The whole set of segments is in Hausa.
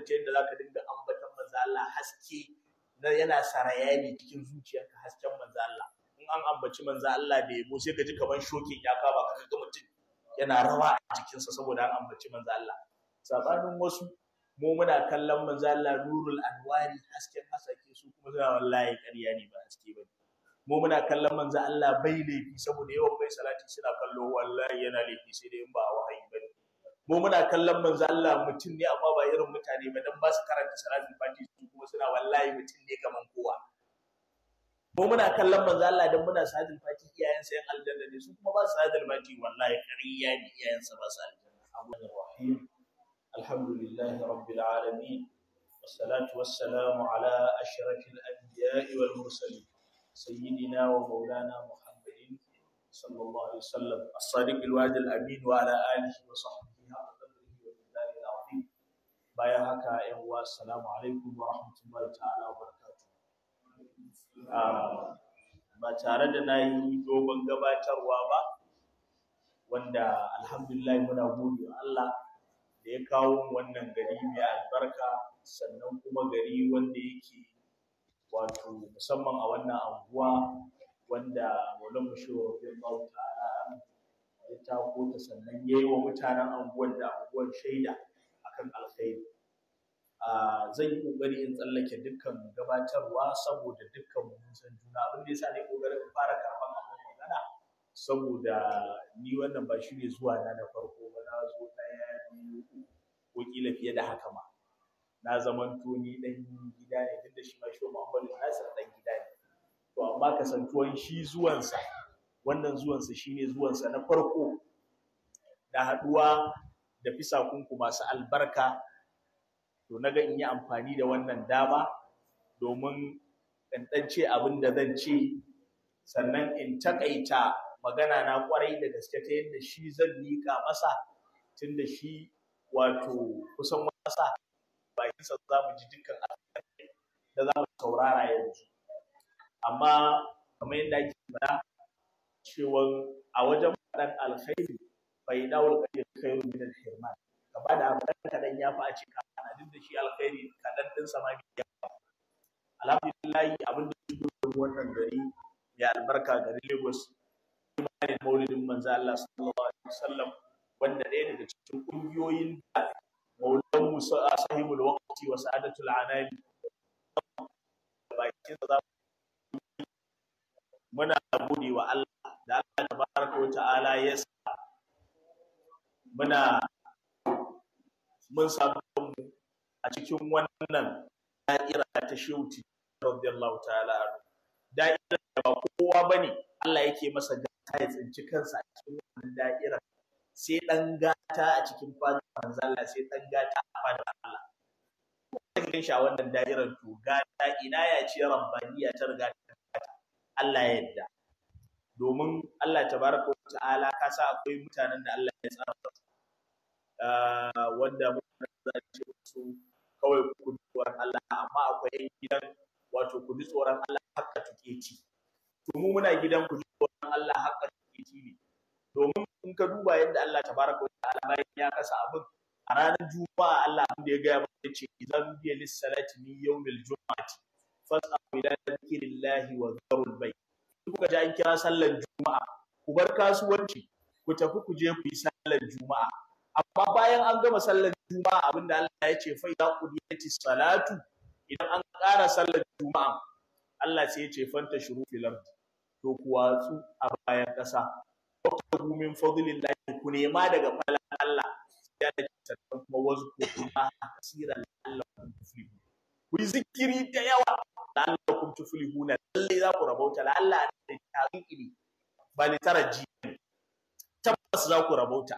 gurin ta yadda ka dinga ambatan manzo Allah haske na yana sarayani cikin zuciyarka hasken manzo Allah in an ambaci manza Allah da yabo sai ka ji kaman shokin ya kaba ka ga mutum yana rawa a jikinsa saboda an ambaci manzo Allah sabanin wasu mu muna kallon manzo Allah nurul anwari hasken hasake su kuma suna wallahi ƙarya ne ba haske ba mu muna kallon manza Allah bai laifi saboda yawan bai salati suna kallo wallahi yana laifi sai dai in ba wahayi bane mu muna kallon manzo Allah mutum ne amma ba irin mutane ba dan ba su karanta salatul Fati su kuma suna wallahi mutum ne kaman kowa mu muna kallon manzo Allah dan muna salatul Fati iyayen sa yan aljanna ne su kuma ba su salatul fatiha wallahi kariya ne iyayen sa ba su aljanna Allahu rahim alhamdulillahi rabbil alamin wassalatu wassalamu ala ashrafil anbiya'i wal mursalin sayyidina wa maulana muhammadin sallallahu alaihi wasallam as-sadiq al-wa'd al-amin wa ala alihi wa sahbihi bayan haka yan uwa assalamu alaikum wa rahmatullahi ta'ala wa barakatuh ah, ba tare da na yi dogon gabatarwa ba wanda alhamdulillah muna gode Allah da ya kawo wannan gari mai albarka sannan kuma gari wanda yake wato musamman a wannan anguwa wanda wannan Shehu Rabbi ya tako ta sannan yayi wa mutanen anguwar da anguwar shaida akan alkhairi ah, zan yi kokari in tsallake dukkan gabatarwa saboda dukkan mun san juna abin da yasa ne kokarin in fara karban abin magana saboda ni wannan ba shi ne zuwa na na farko ba na zo ɗaya biyu ko kila fiye da haka ma na zamanto ni dan gida ne duk da shi ma shi Muhammadu Nasir dan gida ne to amma kasantuwan shi zuwansa wannan zuwansa shine zuwansa na farko da haɗuwa da sakunku masu albarka to na ga in yi amfani da wannan dama domin in abin da zan ce sannan in taƙaita magana na ƙwarai da gaske ta yadda shi zan nika masa tun da shi wato kusan masa bakinsa za mu ji dukkan alƙalai da za mu saurara yanzu amma kamar yadda ake faɗa cewa a wajen faɗan alkhairi bai dawul kadir kai min da hirman Gaba da abu dan kadan ya fi a cika ana al'adun da shi alkhairi kadan din sama ya alhamdulillah abin da shi wannan gari ya albarka gari Lagos imanin maulidin manzo Allah sallallahu alaihi wasallam wanda ɗaya daga cikin ƙungiyoyin da maulan musa sahibul waqti wa sa'adatul anam bakin da muna gode wa Allah da Allah tabaraka wa ta'ala ya sa muna mun samu a cikin wannan da'ira ta shauti radiyallahu ta'ala da'ira da ba kowa bane Allah yake masa gata ya tsinci kansa a cikin wannan da'ira sai dan gata a cikin fadar manzon sai dan gata a fadar Allah kan gan shi a wannan da'irar to gata ina ya ce rabbaniya ta riga Allah ya yarda domin Allah tabaraka wa ta'ala ka sa akwai mutanen da Allah ya tsara su ah, wanda mutanen za ce su kawai ku tsoron Allah amma akwai yan gidan wato ku ji tsoron Allah hakka tukeci to mu muna gidan ku ji tsoron Allah hakka tukeci ne domin in ka duba yadda Allah tabaraka wa ta'ala bayan ya kasa abin a ranar juma'a Allah abin da ya gaya mana ce idan biya lissalati min yawmil juma'ati fas'a ila dhikrillahi wa dharul bayt kuka ji an kira sallar juma'a ku bar kasuwanci ku tafi ku je ku yi sallar juma'a amma bayan an gama sallar juma'a abin da Allah ya ce fa idza qudiyatis salatu idan an ƙara sallar juma'a Allah sai ya ce fanta shuru fil ard to ku watsu a bayan ƙasa waqtu min fadlillahi ku nema daga falan Allah ya da sannan kuma wasu kuma kasiran Allah ku yi zikiri da yawa la'allakum tuflihuna lallai za ku rabauta la'alla da tawili ba li taraji tabbas za ku rabauta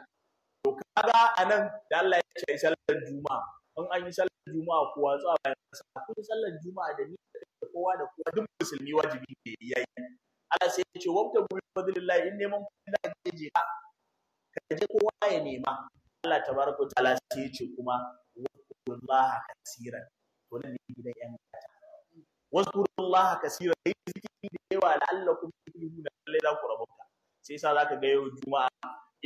to kaga nan da Allah ya ce sallar juma'a in an yi sallar juma'a ko watsu bayan kasa kun sallar juma'a da ni da kowa da kowa duk musulmi wajibi ne yayi Allah sai ya ce wabta bi fadlillahi in neman kuɗi da ke je ka je kowa ya nema Allah tabaraka ta'ala sai ya ce kuma wa kullaha kasiran to nan ne gidan yan mata waskurullaha kasira kai zikiri da yawa la'allakum tuflihuna lallai za ku rabauta sai yasa zaka ga yau juma'a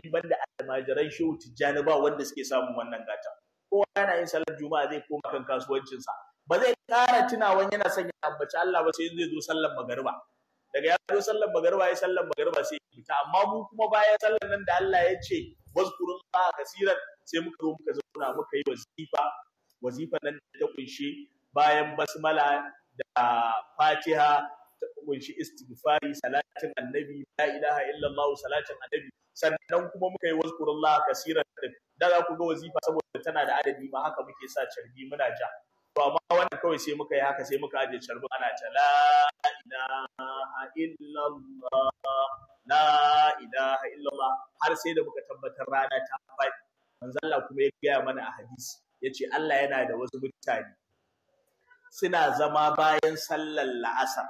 in banda almajiran shehu tijjani ba wanda suke samun wannan gata kowa yana yin salar juma'a zai koma kan kasuwancinsa ba zai ƙara tunawan yana son ya ambaci Allah ba sai zai zo sallar magariba daga ya zo sallar magariba ya sallar magariba sai ya fita amma mu kuma bayan sallar nan da Allah ya ce waskurullaha kasiran sai muka zo muka zauna muka yi wazifa wazifa nan da ta kunshi bayan basmala fatiha ta kunshi istighfari salatin annabi la ilaha illallah salatin annabi sannan kuma muka yi wazkurullah kasiran da za ku ga wazifa saboda tana da adadi ma haka muke sa carbi muna ja to amma wannan kawai sai muka yi haka sai muka aje carbi ana ta la ilaha illallah la ilaha illallah har sai da muka tabbatar rana ta faɗi manzo Allah kuma ya gaya mana a hadisi yace Allah yana da wasu mutane suna zama bayan sallar la'asar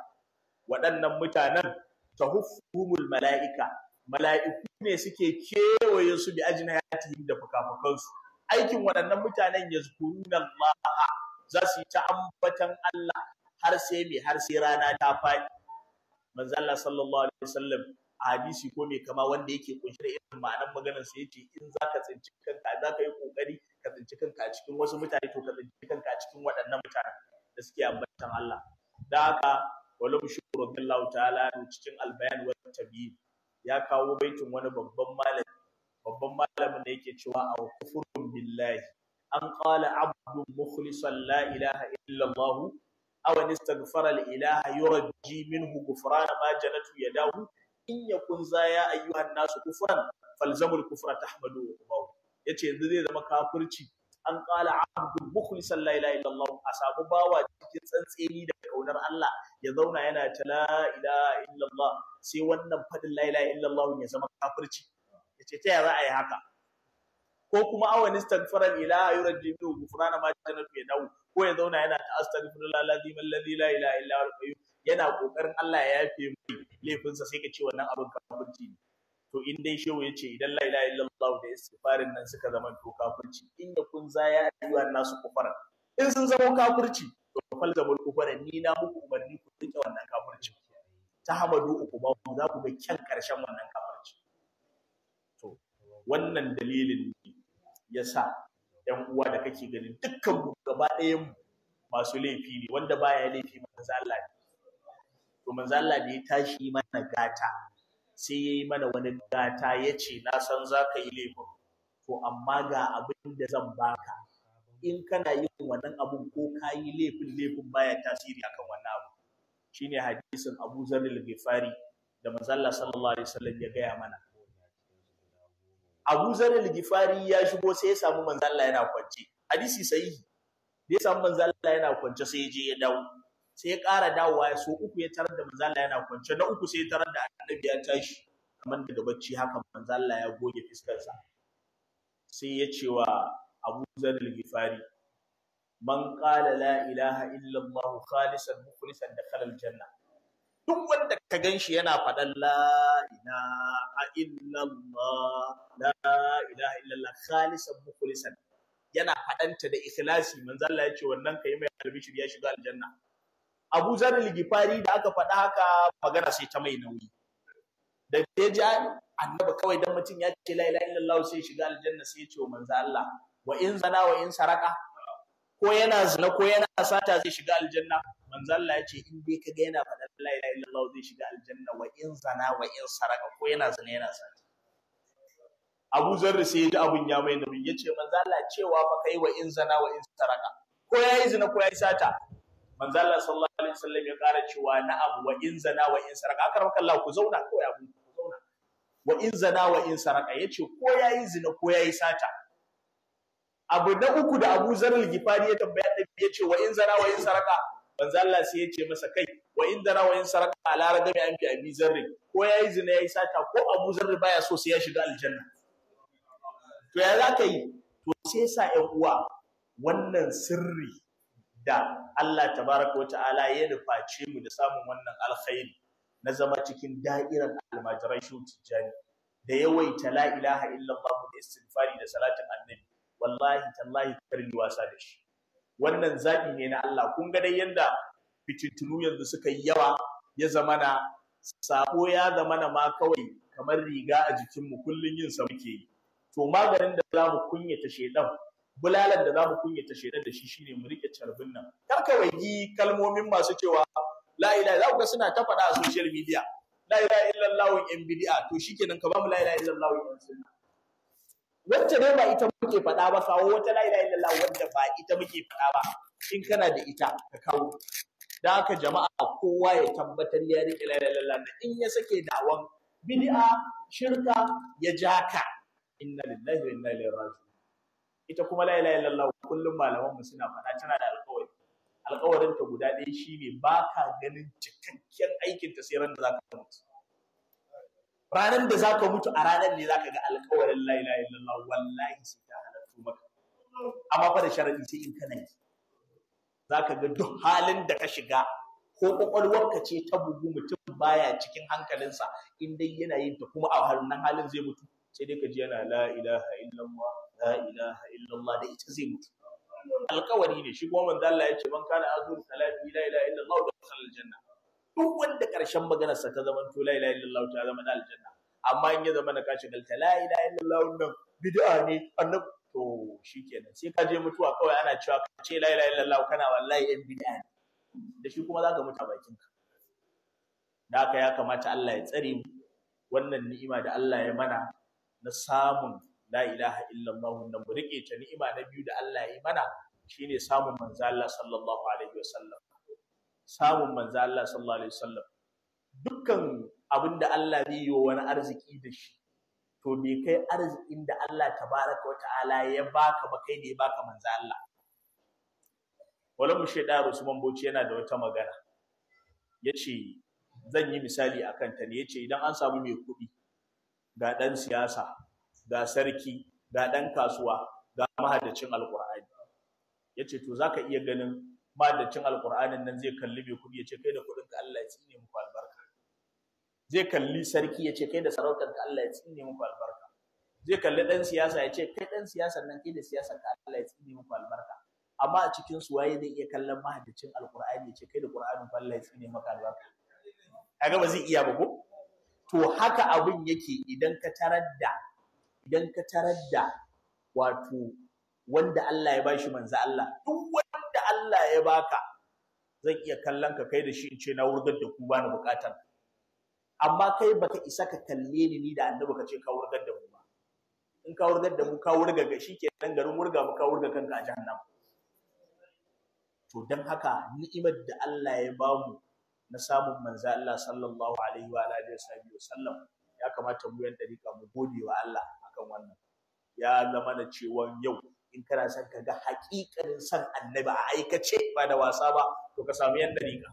waɗannan mutanen ta tahufumul mala'ika mala'iku ne suke kewaye su bi ajnayatihim da fukafukansu aikin waɗannan mutanen na ma'a za su yi ta ambatan Allah har sai me har sai rana ta faɗi manzala sallallahu alaihi wasallam a hadisi ko mai kama wanda yake kunshi da irin ma'anar maganar sai yace in za ka tsinci kanka za ka yi kokari ka tsinci kanka a cikin wasu mutane to ka tsinci kanka cikin waɗannan mutanen da suke ambatan Allah da haka walam shukru radiyallahu ta'ala cikin albayan wa biyu ya kawo baitin wani babban malami babban malamin da yake cewa aw kufrun billahi an qala abdun mukhlisan la ilaha illa Allah aw istaghfara al ilaha yurji minhu ghufrana ma janatu yadahu in yakun za ya ayyuhan nasu kufran falzamul kufra tahmadu wa yace yanzu zai zama kafirci an qala abdu mukhlisan la ilaha illallah a samu bawa cikin tsantseni da kaunar Allah ya zauna yana ta la ilaha illallah sai wannan fadin la ilaha illallah ya zama kafirci yace ta ya za a yi haka ko kuma awan istaghfaran ila yurjidu ghufrana ma janatu ya dawo ko ya zauna yana ta astaghfirullah alazim alladhi la ilaha illa huwa yana kokarin Allah ya yafe mai laifinsa sai ka ce wannan abin kafirci ne to in dai shehu ya ce idan la ilaha illallah da istighfarin nan suka zama to kafirci in ya kun za ya ayyuha nasu kufara in sun zama kafirci to fal zama kufara ni na muku umarni ku rike wannan kafirci ta hamadu uku ba za ku ga kyan karshen wannan kafirci to wannan dalilin ya sa ‘yan uwa da kake ganin dukkan mu gaba ɗayan masu laifi ne wanda baya laifi manzo Allah ne to manzo Allah da ya tashi mana gata sai ya yi mana wani gata ya ce na san za ka yi laifin to amma ga abin da zan baka in kana yin wannan abun ko ka yi laifin laifin baya tasiri akan wannan abu shine hadisin Abu Zar al-Ghifari da manzalla sallallahu alaihi wasallam ya gaya mana Abu Zar al-Ghifari ya shigo sai ya samu manzalla yana kwance hadisi sahihi da ya samu manzalla yana kwance sai ya je ya dawo sai ya ƙara dawowa ya so uku ya tarar da Manzala yana kwance na uku sai ya tarar da annabi ya tashi kamar daga bacci haka Manzala ya goge fiskarsa sai ya ce wa Abu Zar al-Ghifari man qala la ilaha illa Allah khalisan mukhlisan dakhala al-janna duk wanda ka ganshi yana faɗan la ilaha illa Allah la ilaha illa Allah khalisan mukhlisan yana faɗanta da ikhlasi Manzala ya ce wannan kai mai albishir ya shiga aljanna Abu Zar Ligifari da aka faɗa haka magana sai ta mai nauyi da ya ji annaba kawai don mutum ya ce la'ila ilaha illallah sai shiga aljanna sai ce wa manzo Allah wa in zana wa in saraka ko yana zina ko yana sata zai shiga aljanna manzo Allah ya ce in dai kaga yana faɗan la'ila ilaha illallah zai shiga aljanna wa in zana wa in saraka ko yana zina yana sata Abu Zarri sai ya ji abun ya mai nauyi ya ce manzo Allah cewa fa kai wa in zana wa in saraka ko yayi zina ko yayi sata manzo Allah sallallahu alaihi wasallam ya ƙara cewa na'am wa in zana wa in saraka akarmaka Allah ku zauna ko ya ku zauna wa in zana wa in saraka yace ko yayi zina ko yayi sata abu na uku da Abu Zarul Gifari ya tambaya da yace wa in zana wa in saraka manzo Allah sai yace masa kai wa in zana wa in saraka ala ragami an fi Abi zarri ko yayi zina yayi sata ko Abu Zarri baya so sai ya shiga aljanna to ya zaka yi to sai sa ƴan uwa wannan sirri da Allah tabaraka wata'ala ya nuface mu da samun wannan alkhairi na zama cikin da'iran almajirai shu tijani da yawaita la ilaha illallah da istighfari da salatin annabi wallahi tallahi karni wasa da shi wannan zabi ne na Allah kun ga dai yanda fitintunu yanzu suka yi yawa ya zama na. sabo ya zama na ma kawai kamar riga a jikinmu kullum yin sa muke yi to maganin da za mu kunyata shedan bulalan da zamu kunyata shaidar da shi shine mu rike carbin nan kar ka kalmomin masu cewa la ilaha za suna ta faɗa a social media la ilaha illallah in bid'a to shikenan ka ba mu la ilaha illallah in sunna wacce dai ba ita muke faɗa ba kawo wata la ilaha illallah wanda ba ita muke faɗa ba in kana da ita ka kawo da haka jama'a kowa ya tabbatar ya rike la ilaha illallah in ya sake dawon bidi'a shirka ya jaka inna lillahi wa inna ilaihi raji'un ita kuma la ilaha illallah kullum malaman mu suna fada tana da alƙawari alƙawarin ta guda ɗaya shine ba ka ganin cikakken aikin ta sai ran da zaka mutu ranar da zaka mutu a ranar ne zaka ga alƙawarin la ilaha illallah wallahi sai ta halartu maka amma fa da sharadi sai in kana yi zaka ga duk halin da ka shiga ko kwakwalwarka ce ta bugu mutum baya cikin hankalinsa in dai yana yin ta kuma a nan halin zai mutu sai dai ka ji yana la ilaha illallah la ilaha illallah da ita zai mutu alkawari ne shi kuma manzo yace ya ce man kana azur salati la ilaha illallah da khala aljanna duk wanda karshen maganarsa ta zama to la ilaha illallah ta zama na aljanna amma in ya zama na kashi galta la ilaha illallah nan bid'a ne annab to shikenan sai ka je mutuwa kawai ana cewa ka ce la ilaha illallah kana wallahi yan bid'a ne da shi kuma zaka mutu a bakin ka da haka ya kamata Allah ya tsare wannan ni'ima da Allah ya mana na samun la ilaha illallah nan mu rike ta ni'ima na biyu da Allah ya yi mana shine samun manzo Allah sallallahu alaihi wasallam samun manzo Allah sallallahu alaihi wasallam dukkan abinda Allah zai yi wa wani arziki da shi to me kai arzikin da Allah tabaraka wa ta'ala ya baka ba kai ne baka manzo Allah wala mu sheda Usman Bauchi yana da wata magana yace zan yi misali akan ta ne yace idan an samu mai kuɗi ga dan siyasa ga sarki ga ɗan kasuwa ga mahaddacin alqur'ani ya ce to za ka iya ganin mahaddacin alqur'anin nan zai kalli mai kudi ya ce kai da ka Allah ya tsine muku albarka zai kalli sarki ya ce kai da ka Allah ya tsine muku albarka zai kalli ɗan siyasa ya ce kai ɗan siyasar nan kai da siyasar ka Allah ya tsine muku albarka amma a cikin su waye zai iya kallon mahaddacin alqur'ani ya ce kai da ƙur'anin Allah ya tsine maka albarka kaga ba zai iya ba ko to haka abin yake idan ka tarar da idan ka tarar da wato wanda Allah ya bashi manzo Allah duk wanda Allah ya baka zan iya kallon ka kai da shi in ce na wurgar da ku bani bukatar amma kai baka isa ka kalle ni ni da annabi ka ce ka wurgar da mu ba in ka wurgar da mu ka wurga ga shi garin wurga mu ka wurga kanka a jahannama to dan haka ni'imar da Allah ya bamu na samun manzo Allah sallallahu alaihi wa alihi wasallam ya kamata mu yan dariƙa mu gode wa Allah akan wannan ya zama da cewa yau in kana son ka ga haƙiƙanin san annabi a aikace ba da wasa ba to ka samu yan dariƙa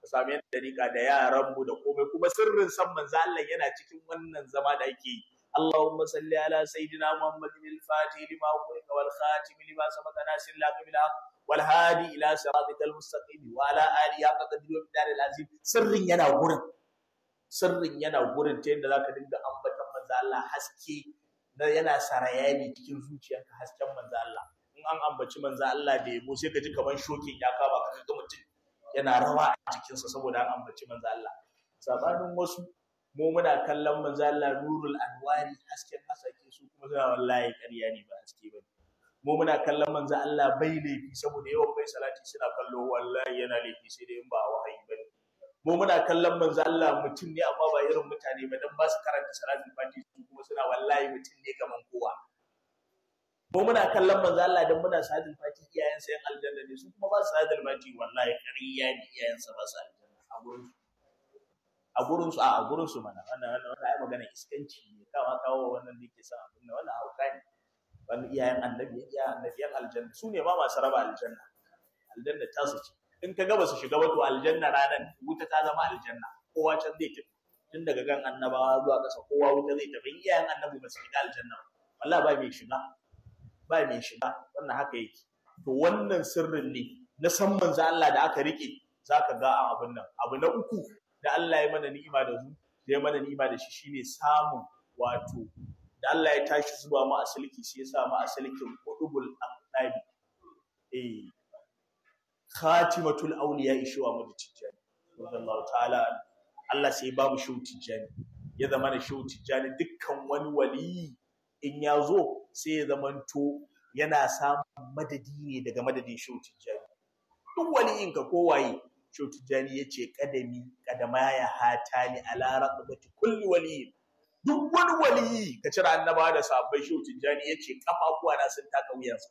ka samu yan dariƙa da yaran mu da komai kuma sirrin san manzo Allah yana cikin wannan zama da ake yi اللهم صل على سيدنا محمد الفاتح لما أغلق والخاتم لما سبق ناس الله بالحق والهادي إلى صراطك المستقيم وعلى آله حق قدره ومقداره العظيم سر ينا غورن سر ينا غورن تين ذاك دنگ أمبت manzo Allah haske na yana sarayani cikin zuciyarka hasken manzo Allah in an ambaci manzo Allah da yabo sai ka ji kamar shokin ya kama ka ga mutum yana rawa a sa saboda an ambaci manzo Allah sabanin wasu mu muna kallon manzo Allah nurul anwari hasken hasake su kuma suna wallahi ƙarya ne ba haske ba mu muna kallon manzo Allah bai laifi saboda yawan bai salati suna kallo wallahi yana laifi sai dai in ba wahayi bane mu muna kallon manzo Allah mutum ne amma ba irin mutane ba dan ba su karanta salatul su kuma suna wallahi mutum ne kaman kowa mu muna kallon manzo Allah dan muna salatul fati iyayen sa yan aljanna ne su kuma ba su salatul fati wallahi kariya ne iyayen sa ba su aljanna a gurin su a gurin su a a gurin su mana wannan wannan wannan ai magana iskanci ne kawa kawo wannan da yake son abin nan wannan hauka ne wannan iyayen annabi iyayen annabiyan aljanna su ne ma masu raba aljanna aljanna ta su ce in ka gaba su shiga wato aljanna ranar wuta ta zama aljanna kowa can zai tafi tun daga gan annabawa zuwa ƙasa kowa wuta zai tafi in iyayen annabi ba su shiga aljanna wallahi ba mai shiga ba mai shiga wannan haka yake to wannan sirrin ne na san manzo Allah da aka rike zaka ga a abun nan abu na uku da Allah ya mana ni'ima da zu da ya mana ni'ima da shi shine samun wato da Allah ya tashi zuwa mu asalki shi sa mu asalkin qudubul aqdabi eh khatimatul awliya ishuwa mu tijjani radiyallahu ta'ala Allah sai babu shehu tijjani ya zama na shehu tijjani dukkan wani wali in ya zo sai ya zamanto yana samun madadi ne daga madadin shehu tijjani duk wani in ka kowaye shehu tijjani ya ce kadami kadama ya hata ni ala raqabati kulli wali duk wani wali! ka cire annabawa da sabbai shehu tijjani ya ce kafafuwa na sun taka wuyansa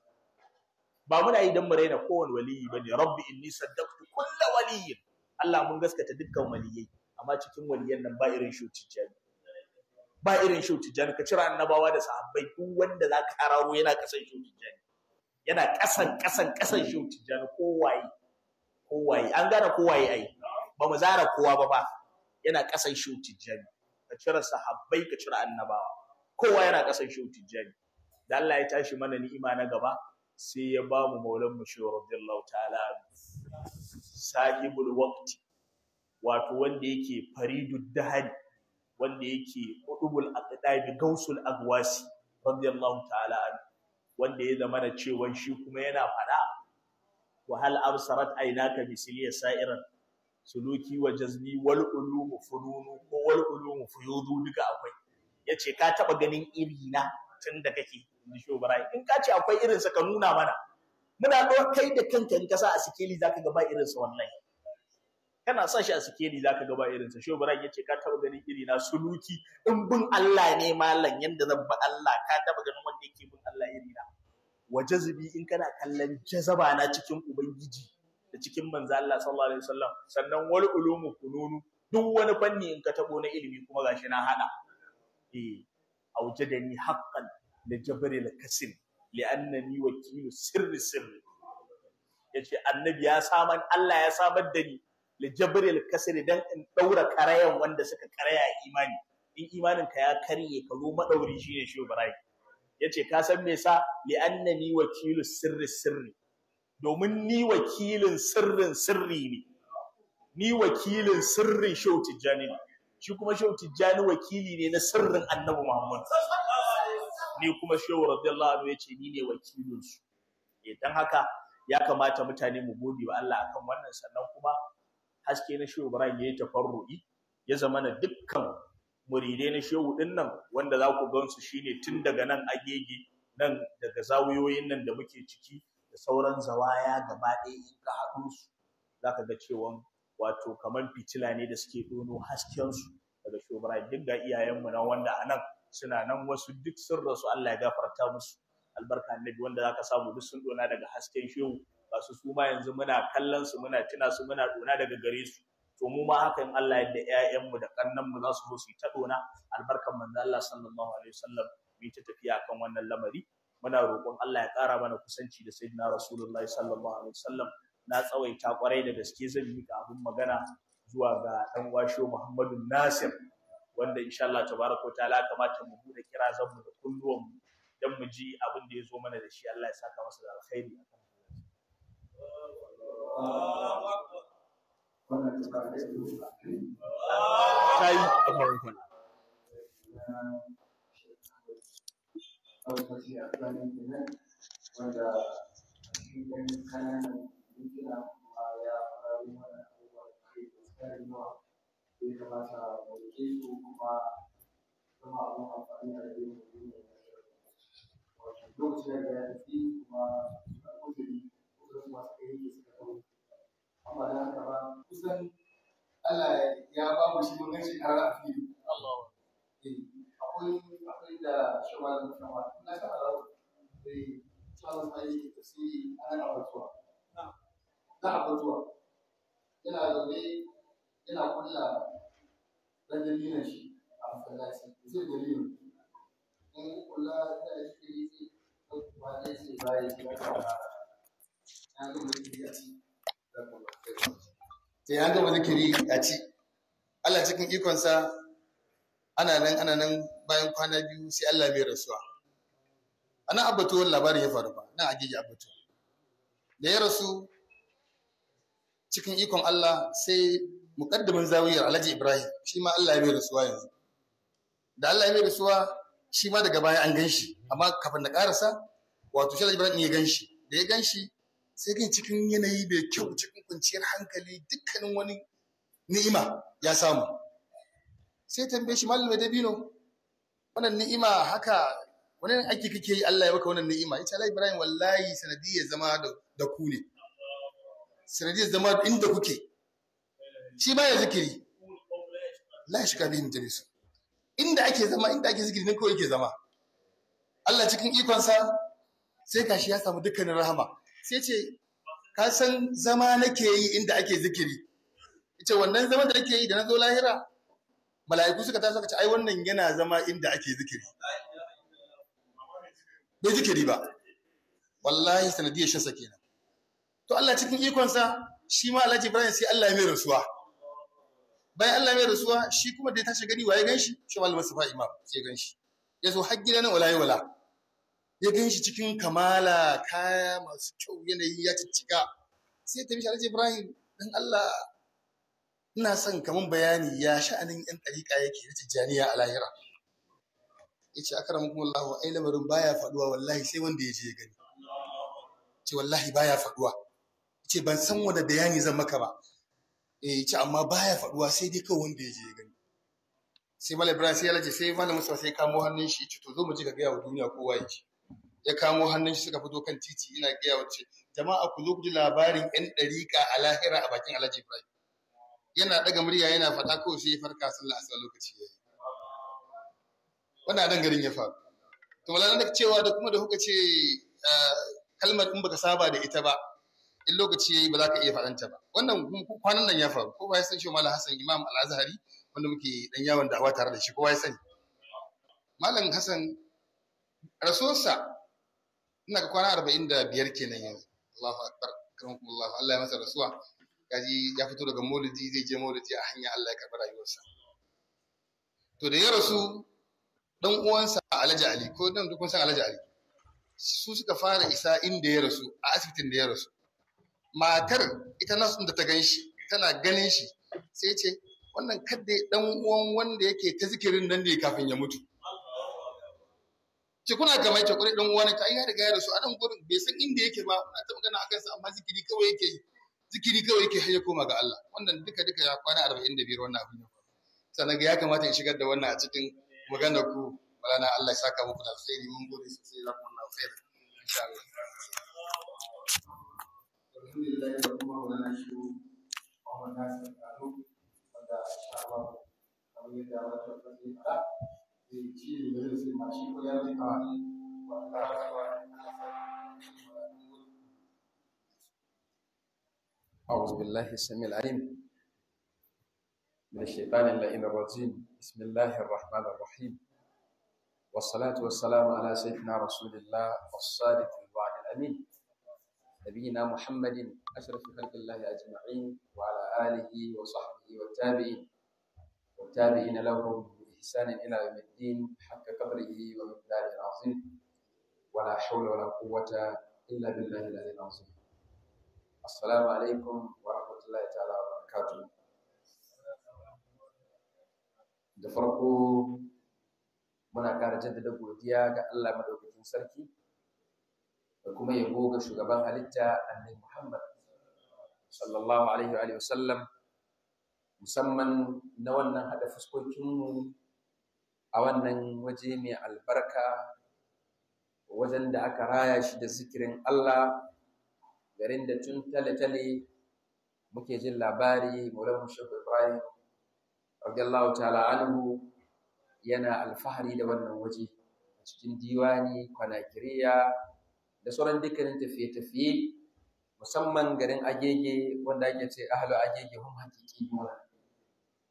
ba muna yi don mu raina kowane waliyi ne rabbi nisa da kulla waliyin Allah mun gaskata dukkan waliyai amma cikin waliyan nan ba irin shu tijjani ba irin shu tijjani ka cira annabawa da sahabbai duk wanda za ka kararo yana kasan shu tijjani yana kasan kasan kasan shu tijjani kowaye kowaye an gane kowaye ai ba mu zara kowa ba ba yana kasan shu tijjani ka cira sahabbai ka cira annabawa kowa yana kasan shu tijjani da Allah ya tashi mana ni'ima na gaba sai ya ba mu maulan mu shehu radiyallahu ta'ala sahibul waqti wato wanda yake faridud dahari wanda yake qutubul aqdabi gausul agwasi radiyallahu ta'ala wanda ya zama da cewa shi kuma yana fada wa hal absarat aynaka misliya sa'iran suluki wa jazmi wal ulumu fununu ko wal ulumu fuyudu duka akwai yace ka taba ganin na tun da kake in shi in ka ce akwai irinsa ka nuna mana muna ɗo kai da kanka in kasa a sikeli za ka gaba irinsa wannan. kana sa shi a sikeli za ka gaba irinsa. sa shi bara ka taɓa ganin iri na suluki in bin Allah ne malam, yadda zan bi Allah ka taba ganin wanda yake bin Allah iri na wa jazbi in kana kallon jazaba na cikin ubangiji da cikin manzo Allah sallallahu alaihi wasallam sannan wal ulumu kununu duk wani fanni in ka tabo na ilimi kuma gashi na hada eh aujadani haqqan da jabari kasin li'annani wakilu sirri sirri yace annabi ya saman Allah ya samar da ni li jabril kasri dan in daura karayan wanda suka karaya imani in imanin ka ya karye ka zo madauri shine shi Ibrahim yace ka san me yasa li wakilu sirri sirri domin ni wakilin sirrin sirri ne ni wakilin sirrin shautu shi kuma shautu wakili ne na sirrin annabi Muhammad ni kuma shehu radiyallahu anhu yace ni ne wakilin wakilinsu eh, dan haka ya kamata mutane mu gode wa Allah akan wannan sannan kuma haske na shehu Ibrahim ya yi tafarru'i ya zama na dukkan muridai na shehu din nan wanda za ku gansu shine tun daga nan agege nan daga zawuyoyin nan da muke ciki da sauran zawaya gaba ɗaya in ka haɗu su za ka ga cewa wato kamar fitila ne da suke dono haskensu daga shehu Ibrahim duk ga iyayenmu na wanda a nan suna nan wasu duk sun rasu Allah ya gafarta musu albarka annabi wanda zaka samu duk sun dona daga hasken shehu ba su su ma yanzu muna kallon su muna tuna su muna dona daga gare su to mu ma hakan Allah ya yadda ƴaƴan mu da kannan mu za su zo su ta dona albarkan manzo Allah sallallahu alaihi wasallam mu ta tafiya kan wannan lamari muna roƙon Allah ya ƙara mana kusanci da sayyidina rasulullahi sallallahu alaihi wasallam na tsawaita kwarai da gaske zan yi abin magana zuwa ga dan washo Muhammadu Nasir wanda insha Allah tabaraka ta'ala kamata mu bude kira mu da kulluwan mu dan mu ji abin da ya zo mana da shi Allah ya saka masa da alkhairi akan Tai American. wanda cikin kanan ya fara mana abubuwa da ke tsari a rayuwar mu duniya da ya tafi kuma suka kuzuri kusan kuma suka yanke suka kawo amma da haka ba kusan Allah eh, akwai na a nan yana zaune yana ɗan dalilin shi a masallaci zai dalilin in kula da shi ne zai ce ba ya ce ya gama zikiri a ci ya zikiri a ci Allah cikin ikonsa ana nan ana nan bayan kwana biyu sai Allah mai rasuwa ana wani labarin ya faru ba nan agege abbatuwa da ya rasu cikin ikon Allah sai muqaddimin zawiyar Alhaji Ibrahim shi ma Allah ya mai rasuwa yanzu da Allah ya mai rasuwa shi ma daga baya an gan shi amma kafin na karasa wato shi Alhaji Ibrahim ya gan shi da ya gan shi sai kan cikin yanayi mai kyau cikin kwanciyar hankali dukkanin wani ni'ima ya samu sai tambaye shi malamai dabino wannan ni'ima haka wani aiki kake yi Allah ya baka wannan ni'ima yace Alhaji Ibrahim wallahi sanadiyar zama da ku ne Sanadiyar zama inda kuke shi ba ya zikiri la shi ka bihin jalis inda ake zama inda ake zikiri nan kawai ke zama Allah cikin ikonsa sai gashi ya samu dukkanin rahama sai ce ka san zama nake yi inda ake zikiri ita wannan zaman da nake yi da na zo lahira mala'iku suka taso suka ce ai wannan yana zama inda ake zikiri bai zikiri ba wallahi sanadiyar shansa kenan to Allah cikin ikonsa shi ma Alhaji Ibrahim sai Allah ya mai rasuwa bayan Allah mai rasuwa shi kuma da ya tashi gani waye ganshi shi malam Mustafa Imam sai ganshi ya zo har ne, wala ya wala ya ganshi cikin kamala kaya masu kyau yanayi ya cicciga sai ya tafi shi Ibrahim dan Allah ina son kaman bayani ya sha'anin yan ɗariƙa yake na tijjaniya a lahira ya ce Allah ai lamarin baya faduwa wallahi sai wanda ya je ya gani ce wallahi baya faduwa ce ban san wanda bayani zan maka ba eh ce amma baya faduwa sai dai kawai wanda ya je ya gani sai malam ibrahim sai ya laje sai malam musa sai kamo hannun shi ce to zo mu ji ka gaya wa duniya ko waye. ce ya kamo hannun shi suka fito kan titi ina gaya wa ce jama'a ku zo ku ji labarin yan dariƙa a lahira a bakin alhaji ibrahim yana daga murya yana faɗa kawai sai ya farka sallah a lokaci ya yi wannan nan garin ya faru to wala da cewa da kuma da kuka ce eh, kalmar in baka saba da ita ba in lokaci yayi ba za ka iya faɗanta ba wannan kwanan nan ya faru Ko ba ya san shi malam Hassan Imam Al-Azhari wanda muke dan yawon da'awa tare da shi ba ya sani malam Hassan rasuwarsa ina ga kwana arba'in da biyar kenan yanzu Allahu akbar karamakumullah Allah ya masa rasuwa kaji ya fito daga maulidi zai je maulidi a hanya Allah ya karɓi rayuwarsa to da ya rasu dan uwansa Alhaji Ali ko dan duk san Alhaji Ali su suka fara isa inda ya rasu a asibitin da ya rasu matar ita nasun da ta gan shi tana ganin shi sai ce wannan kadda dan uwan wanda yake ta zikirin nan ne kafin ya mutu ki kuna gamai ce kuri dan uwan ne ta ai ya riga ya rasu a nan gurin bai san inda yake ba ana ta magana akan sa amma zikiri kawai yake yi zikiri kawai yake haye koma ga Allah wannan duka duka ya kwana 45 wannan abin ya faru sannan ga ya kamata in shigar da wannan a cikin maganar ku na Allah ya saka muku da alkhairi mun gode sosai lakum Allah khair insha Allah الحمد لله رب مولانا الشيوخ وهو ناس القانون wanda insha Allah kamar yadda wata wata ne fara zai ci أعوذ بالله السميع العليم من الشيطان اللئيم الرجيم بسم الله الرحمن الرحيم والصلاة والسلام على سيدنا رسول الله الصادق الوعد الأمين نبينا محمد أشرف خلق الله أجمعين وعلى آله وصحبه والتابعين والتابعين لهم بإحسان إلى يوم الدين حق قدره ومقداره العظيم ولا حول ولا قوة إلا بالله العلي العظيم السلام عليكم ورحمة الله تعالى وبركاته da farko muna ƙara jaddada godiya ga Allah madaukakin sarki da kuma yabo ga shugaban halitta annabi Muhammad sallallahu alaihi wa sallam musamman na wannan hada mu a wannan waje mai albarka wajen da aka raya shi da zikirin Allah garin da tun tale-tale muke jin labari maulamu shehu ibrahim radiyallahu ta'ala anhu yana alfahari da wannan waje a cikin diwani kwanakiriya da sauran dukkanin tafiye-tafiye musamman garin agege wanda ake ce ahalu agege hum hakiki mana,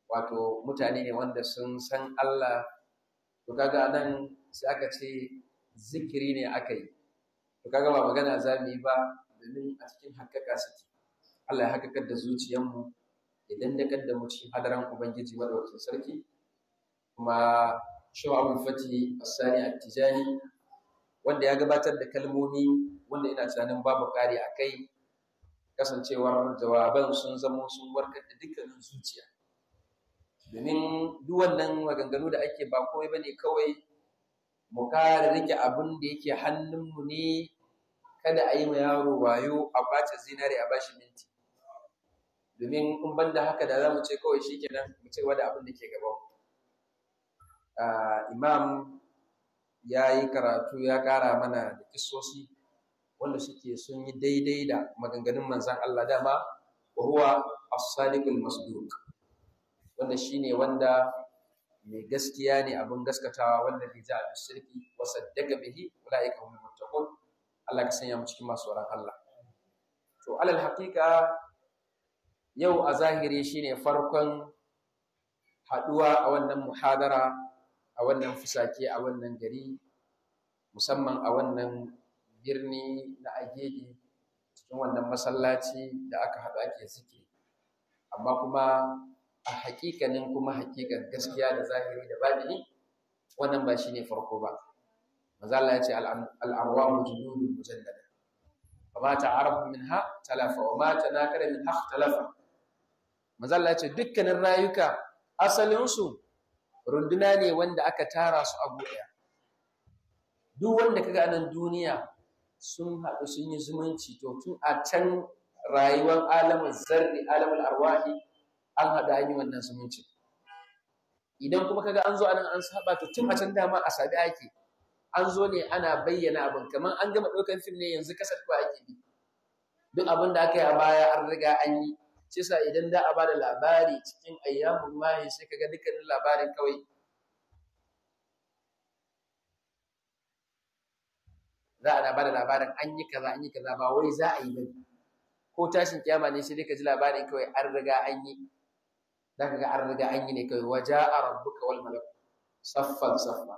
wato mutane ne wanda sun san Allah to kaga nan sai aka ce zikiri ne aka yi to kaga ba magana za mu yi ba domin a cikin haƙƙaƙa suke Allah ya haƙƙaƙar da zuciyarmu ya dandakar da mu cikin hadaran ubangiji madaukakin sarki kuma shawarar fati asani a tijani wanda ya gabatar da kalmomi wanda ina tunanin babu ƙari a kai kasancewar jawaban sun zama sun warkar da dukkanin zuciya domin duk wannan maganganu da ake ba komai ne kawai mu kare rike abin da yake hannunmu ne kada a yi ma yaro wayo a ɓace zinare a bashi minti domin in banda haka da za mu ce kawai shi kenan mu ce wada abin da ke gaban ah, imam ya yi karatu ya ƙara mana da kisosi wanda suke sun yi daidai da maganganun manzan Allah dama wa huwa as-sadiqul masduq wanda shine wanda mai gaskiya ne abin gaskatawa wanda bi za bi sirki wa saddaka bihi ulaika humul muttaqun Allah ka sanya mu cikin masu tsoron Allah to alal haqiqa yau a zahiri shine farkon haɗuwa a wannan muhadara a wannan fusake a wannan gari musamman a wannan birni na agege cikin wannan masallaci da aka haɗu ake zikiri amma kuma a haƙiƙanin kuma haƙiƙan gaskiya da zahiri da baɗini wannan ba shi ne farko ba maza Allah ya ce al'arwamu junudun mujallada fa ma ta ta'arafu minha talafa wa ma ta tanakara minha talafa maza Allah ya ce dukkanin rayuka asalinsu runduna ne wanda aka tara su a ɗaya duk wanda kaga anan duniya sun haɗu sun yi zumunci to tun a can rayuwar alamin zarri alamar arwahi an haɗu an wannan zumuncin idan kuma kaga an zo anan an saba to tun a can dama a sabi ake an zo ne ana bayyana abin kamar an gama ɗaukan fim ne yanzu kasar ake bi duk abin da aka yi a baya an riga an yi Cisa idan za a ba da labari cikin ayyamun mahi sai ka ga dukkanin labarin kawai za a ba da labarin an yi kaza an yi kaza ba wai za a yi ba ko tashin kiyama ne sai ka ji labarin kawai an riga an yi za ka ga an riga an yi ne kawai waja a ka wal malam, saffan saffa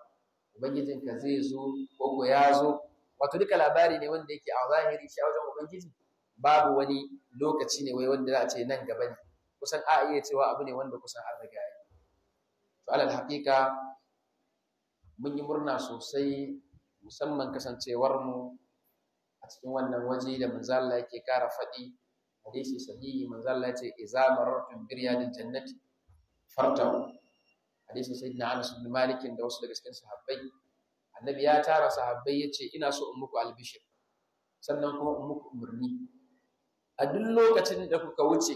ubangijinka zai zo ko ya zo wato duka labari ne wanda yake a zahiri shi a wajen ubangiji babu wani lokaci ne wai wanda za a ce nan gaba ne kusan a iya cewa abu ne wanda kusan an riga yi to alal haƙiƙa mun yi murna sosai musamman kasancewar mu a cikin wannan waje da manzo Allah yake kara faɗi hadisi sahihi manzo Allah ce idza marartum bi riyadil jannati farta hadisi sayyidina Anas bin Malik da wasu daga cikin sahabbai annabi ya tara sahabbai yace ina so in muku albishir sannan kuma in muku umarni a duk lokacin da kuka wuce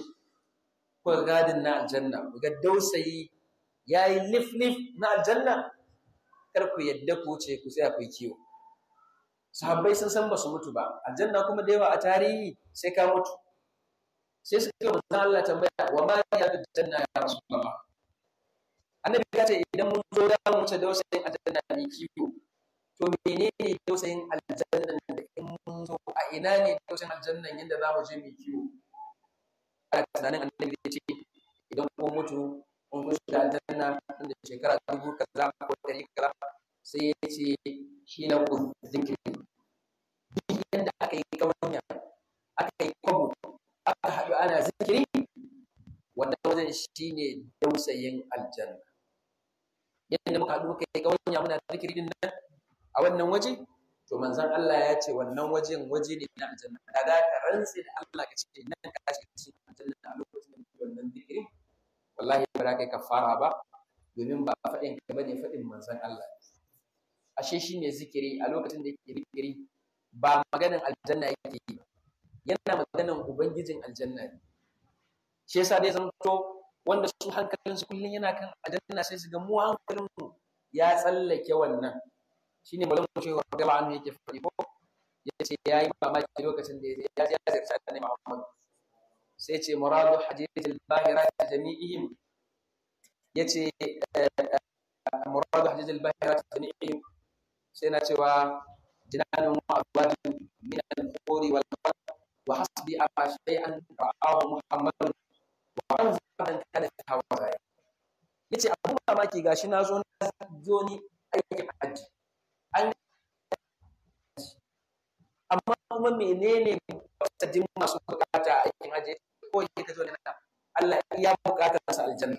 kuka gadin na aljanna ga dausayi yayi lif lif na aljanna kar ku yadda ku wuce ku sai akwai kiwo sahabbai sun san ba su mutu ba aljanna kuma da yawa a tarihi sai ka mutu sai su suka manzo Allah tambaya wa ma ya aljanna ya ba annabi ya ce idan mun zo da mu ce dausayin aljanna ne kiwo to menene dausayin aljanna da in mun zo a ina ne tausayin aljannan yadda za mu je mu kiwo a tunanin annabi da ce idan kuma mutu kun kun shiga aljanna da shekara dubu kaza ko ɗari kaza sai ya ce shi na ku zikiri duk yadda aka yi kawanya aka yi kwabo aka haɗu ana zikiri wannan wajen shi ne dausayin aljanna yadda muka haɗu muka yi kawanya muna zikiri din nan a wannan waje to manzon Allah ya ce wannan wajen waje ne na aljanna da za ka rantsi da Allah ka ce nan ka ce cikin aljanna a lokacin da kake wannan zikiri wallahi ba za ka yi kafara ba domin ba faɗin ka bane faɗin manzon Allah ashe shi ne zikiri a lokacin da yake zikiri ba maganin aljanna yake yi yana maganin ubangijin aljanna ne shi yasa dai zanto wanda su hankalinsu kullum yana kan aljanna sai su ga mu hankalin ya tsallake wannan shine malam shehu radiyallahu anhu yake faɗi ko yace yayi mamaki lokacin da ya ji ya zarta annabi Muhammad sai yace muradu hadithil bahirat jami'ihim yace eh, eh, muradu hadithil bahirat jami'ihim sai na cewa jinanun ma'abad min al-quri wal wa hasbi afa shay'an ra'ahu Muhammad wa anzalan kana hawa yace abu mamaki gashi na zo na zo ni aikin hajji kuma menene jin masu bukata a aikin haji ko yake ta zo da nan Allah ya bukata sa aljanna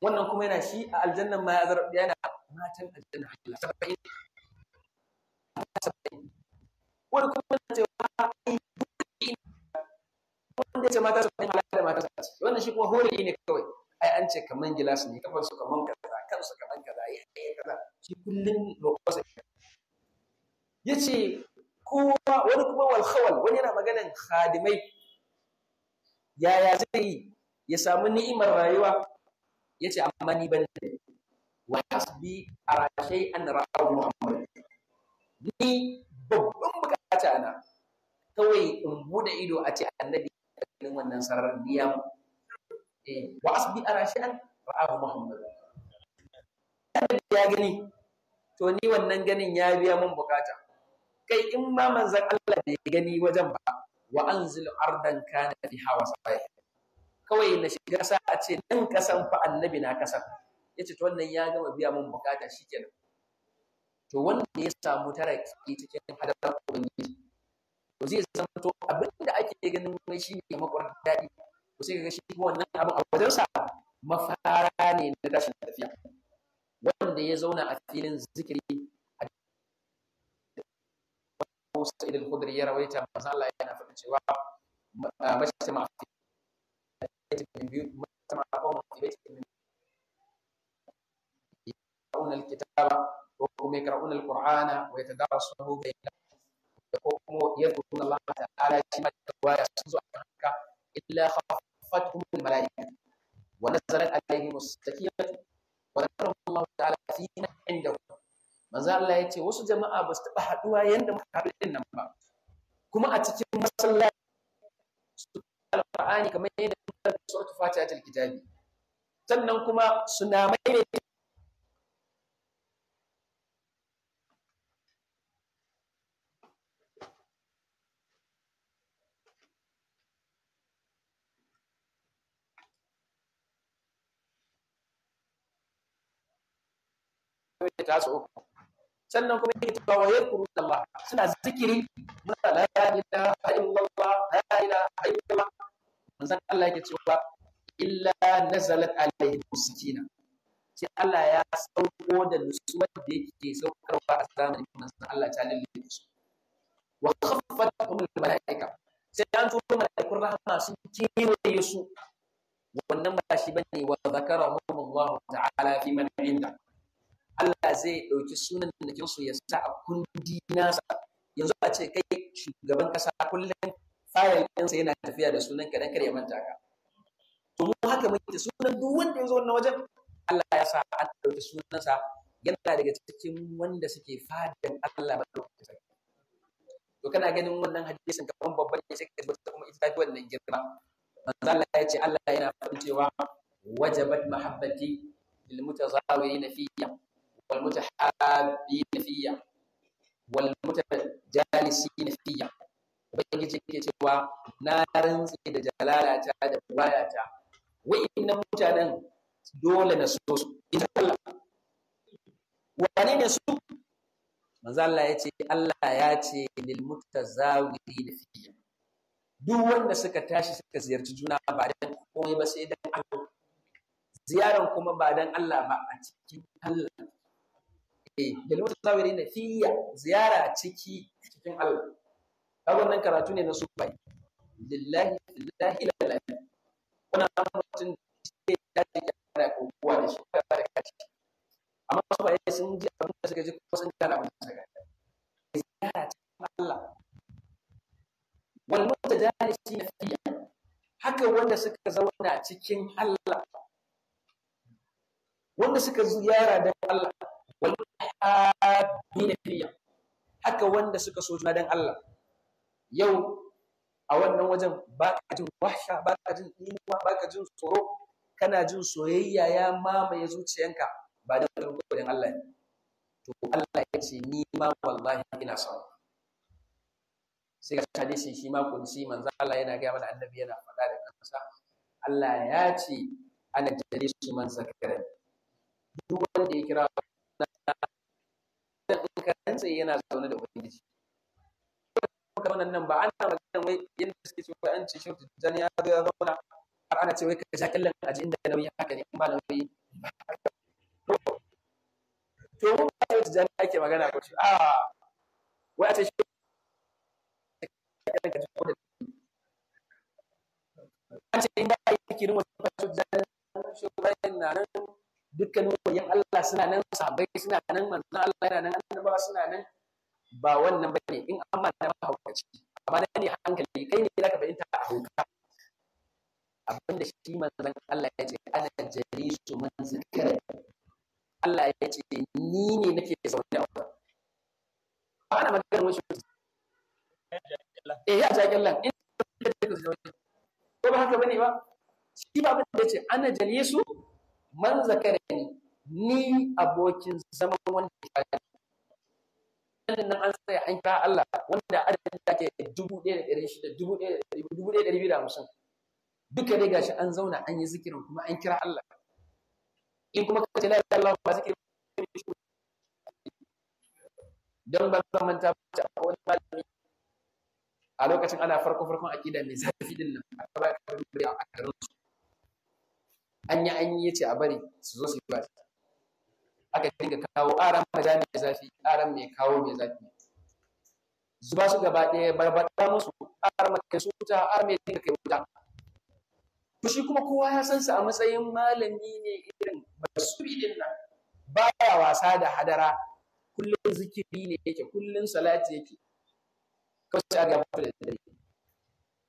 wannan kuma yana shi a aljannan ma ya zarra yana matan aljanna Allah saba'in wani kuma na cewa wanda ce mata saba'in Allah da mata saba'in wannan shi kuma hori ne kawai ai an ce kaman gilas ne kafan su kaman kaza kansu kaman kaza ya yi kaza shi kullun roƙo ya ce khadimai yaya zai yi ya samu ni'imar rayuwa ya ce amma ni ban da wa hasbi a rashai an ra'ar muhammad ni babban bukata na kawai in bude ido a ce annabi ganin wannan sarar biya mu eh, wa hasbi a rashai an ra'ar muhammad annabi ya gani to ni wannan ganin ya biya mun bukata kai in ma manzan Allah bai gani wajen ba wa anzil ardan kana fiha wasaya kawai na shiga sa a ce dan kasan fa annabi na kasan yace to wannan ya gama biya mun bukata shikenan to wanda ya samu taraki cikin hadarar ubangiji to zai san to abinda ake ganin wani shi ne makwarar daɗi ko sai ga shi ko wannan abin a sa mafara ne na tashin tafiya wanda ya zauna a filin zikiri ta'ala shi ma da ya sun zo haka illa khaffatuhum al-mala'ika wa nazalat alaihim as-sakinatu wa dhakarahum Allah ta'ala fi man indahu manzo Allah yace wasu jama'a ba su taba haduwa yanda muka haɗu din nan ba kuma a cikin masallaci su al-Qur'ani kamar yadda suratul sannan kuma suna sunansa yana daga cikin wanda suke fadan Allah madaukakin sarki to kana ganin wannan hadisin kaman babban ne sai da tabbata kuma ita ta wannan girma manzo Allah ya ce Allah yana faɗin cewa wajabat mahabbati lil mutazawirin fiyya wal mutahabbin fiyya wal mutajalisin fiyya ubangiji yake cewa na rantsi da jalalata da wayata wa'innan mutanen dole na so su ita Allah wane ne su manzo ya ce Allah ya ce lil da fiye duk wanda suka tashi suka ziyarci juna ba dan komai ba sai dan Allah ziyaran kuma ba dan Allah ba a cikin Allah eh lil da fiye ziyara ciki cikin Allah kaga nan karatu ne na su bai lillahi lillahi lillahi wannan mutum sai ya da kowa da shi da amma su ba sun ji abin da suka ji ko sun gane abin da suka gane ziyara ta Allah Wannan wal mutajalisin fiya haka wanda suka zauna cikin Allah wanda suka ziyara da Allah wal mutajalisin fiya haka wanda suka so juna dan Allah yau a wannan wajen ba ka jin wahsha ba ka jin imuwa ba ka jin tsoro kana jin soyayya ya mamaye zuciyanka ba dan ka roƙo dan Allah to Allah ya ce ni ma wallahi ina son sai ga hadisi shi ma kunsi manzo Allah yana ga mana annabi yana faɗa da kansa Allah ya ce ana jalisu man zakara duk wanda ya kira dan in ka rantsa yana zaune da ubangiji wannan nan ba ana magana wai yanda suke cewa an ce shirku dan ya zo ya zauna har ana ce wai ka ja kallon aji inda nauyi haka ne in ba nauyi to mun ba yau tijani ake magana ba a ah, wai a ce shi an ce in da a yi kirin wasu fasu tijani shugaban na nan dukkan wajen Allah suna nan sahabbai suna nan manzon Allah yana nan annabawa suna nan ba wannan ba ne, in amma ma na haukaci amma na ne hankali kai ne zaka fahimta a hauka abinda shi manzon Allah ya ce ana jarisu man zikira Allah ya ce ni ne nake zaune a ba ana magana wasu eh ya jaƙin lan in da take zaune ko ba haka bane ba shi ba abin da ce ana jale su man zakarani ni abokin zaman wanda ya nan nan an sai an kira Allah wanda adadin da ke dubu 1250 duka dai gashi an zauna an yi zikirin kuma an kira Allah in kuma ka ce na ilaha Allah ba zikiri don ba zan manta ba a wani malami a lokacin ana farko farkon akida mai zafi din nan a kaba ka rubuta a garin su an yi an yi ce a bari su zo su yi ba aka dinga kawo aran maja mai zafi aran mai kawo mai zafi zuba su gaba ɗaya barbaɗa musu aran mai kai su wuta aran mai dinga kai wuta to shi kuma kowa ya san sa a matsayin malami ne irin basuri din nan baya wasa da hadara kullun zikiri ne yake kullun salati yake kawai a gaba da dare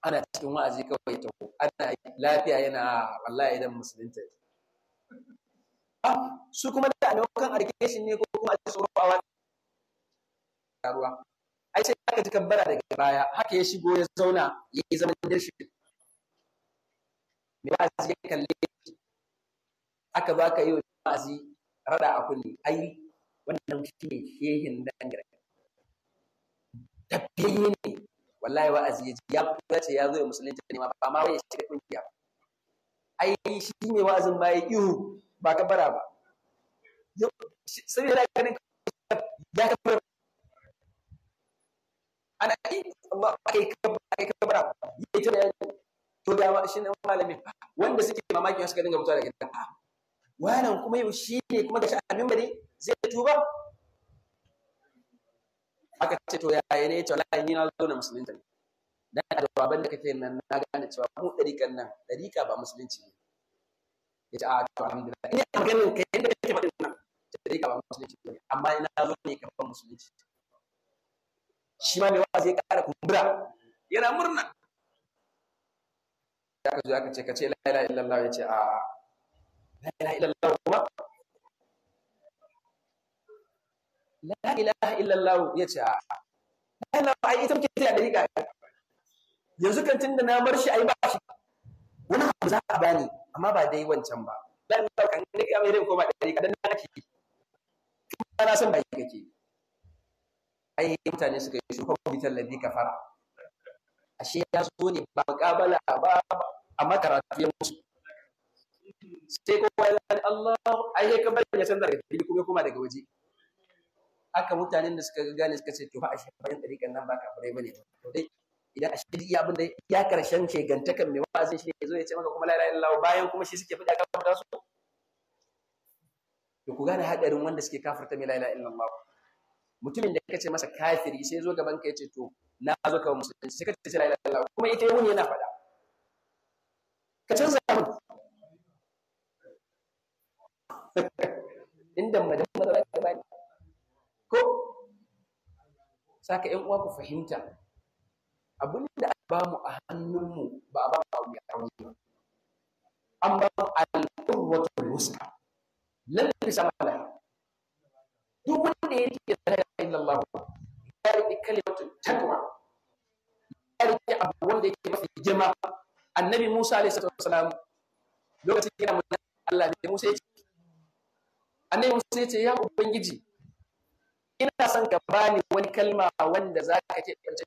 ana cikin wa'azi kawai ta ana lafiya yana wallahi idan musulunta ah, su kuma da alwakan arkeshin ne ko kuma a tsoro a wani ruwa ai sai aka ji kabbara daga baya haka ya shigo ya zauna ya yi zaman dirshi me wa'azi ya kalle aka ba ka yi wa wa'azi rada a kulle ai wannan shi ne shehin dangar tafiye ne wallahi wa'azi ya ji ya ya zo ya musulunci ne ba ma ya shiga kungiya ai shi ne wa'azin ma ya ihu ba ka bara ba sai da ganin ya kafa ana yi amma kai kafa kai kafa ya ce to da shi ne malamin wanda suke mamaki suka dinga mutuwa daga gidan ah, wannan kuma yau shi ne kuma da sha'anin mimbari zai tuba aka ce to yaya ne to lai ni na zo na musulunta ne da jawaban da kake nan na gane cewa mu dariƙan nan dariƙa ba musulunci ne ya ce a ah, to alhamdulillah ina maganin kai yadda kake faɗin nan dariƙa ba musulunci ne amma ina zo ne kafin musulunci shi ma mai wa zai ƙara kumbura yana murna sai aka zo aka ce ka ce la ilaha illallah ya ce a la ilaha illallah kuma la ilaha illallah ya ce a la ilaha ai ita muke ta dariƙa yanzu kan tunda na bar shi ai ba shi wani abu za a bani amma ba dai wancan ba dan ba kan ne ga mai rai ko ba dariƙa dan na nake kuma na san ba kake ai mutane suka yi shuka bitan ladika fara ashe ya zo ne ba mukabala ba amma karatu ya musu sai kuma ya zai Allah ai sai kabarin ya canza daga fili kuma kuma daga waje haka mutanen da suka gane suka ce to ba a shi bayan ɗariƙan nan ba kafirai bane to dai idan a shi abin da ya karshen shegantakan mai wa'azin shi ne zo ya ce maka kuma la ilaha bayan kuma shi suke faɗi a kafarta su to ku gane haɗarin wanda suke kafarta mai la ilaha ba. mutumin da kace masa kafiri sai zo gaban ka ce to na zo ka musulunci sai kace ce ilaha illallah kuma ita yau ne yana faɗa ka canza min inda madan matsala ka bani ko saka ƴan uwa ku fahimta abin da aka ba mu a hannunmu ba a ba mu abu ya rauni ba an ba mu al'urwatul wusta lalle sama da duk wanda ya rike la ilaha illallah ya rike kalimatu takwa ya rike abu wanda yake masa jama'a annabi Musa alaihi salam lokacin gina magana Allah ne Musa ya ce annabi Musa ya ce ya ubangiji ina son ka bani wani kalma wanda za ka ke ɓance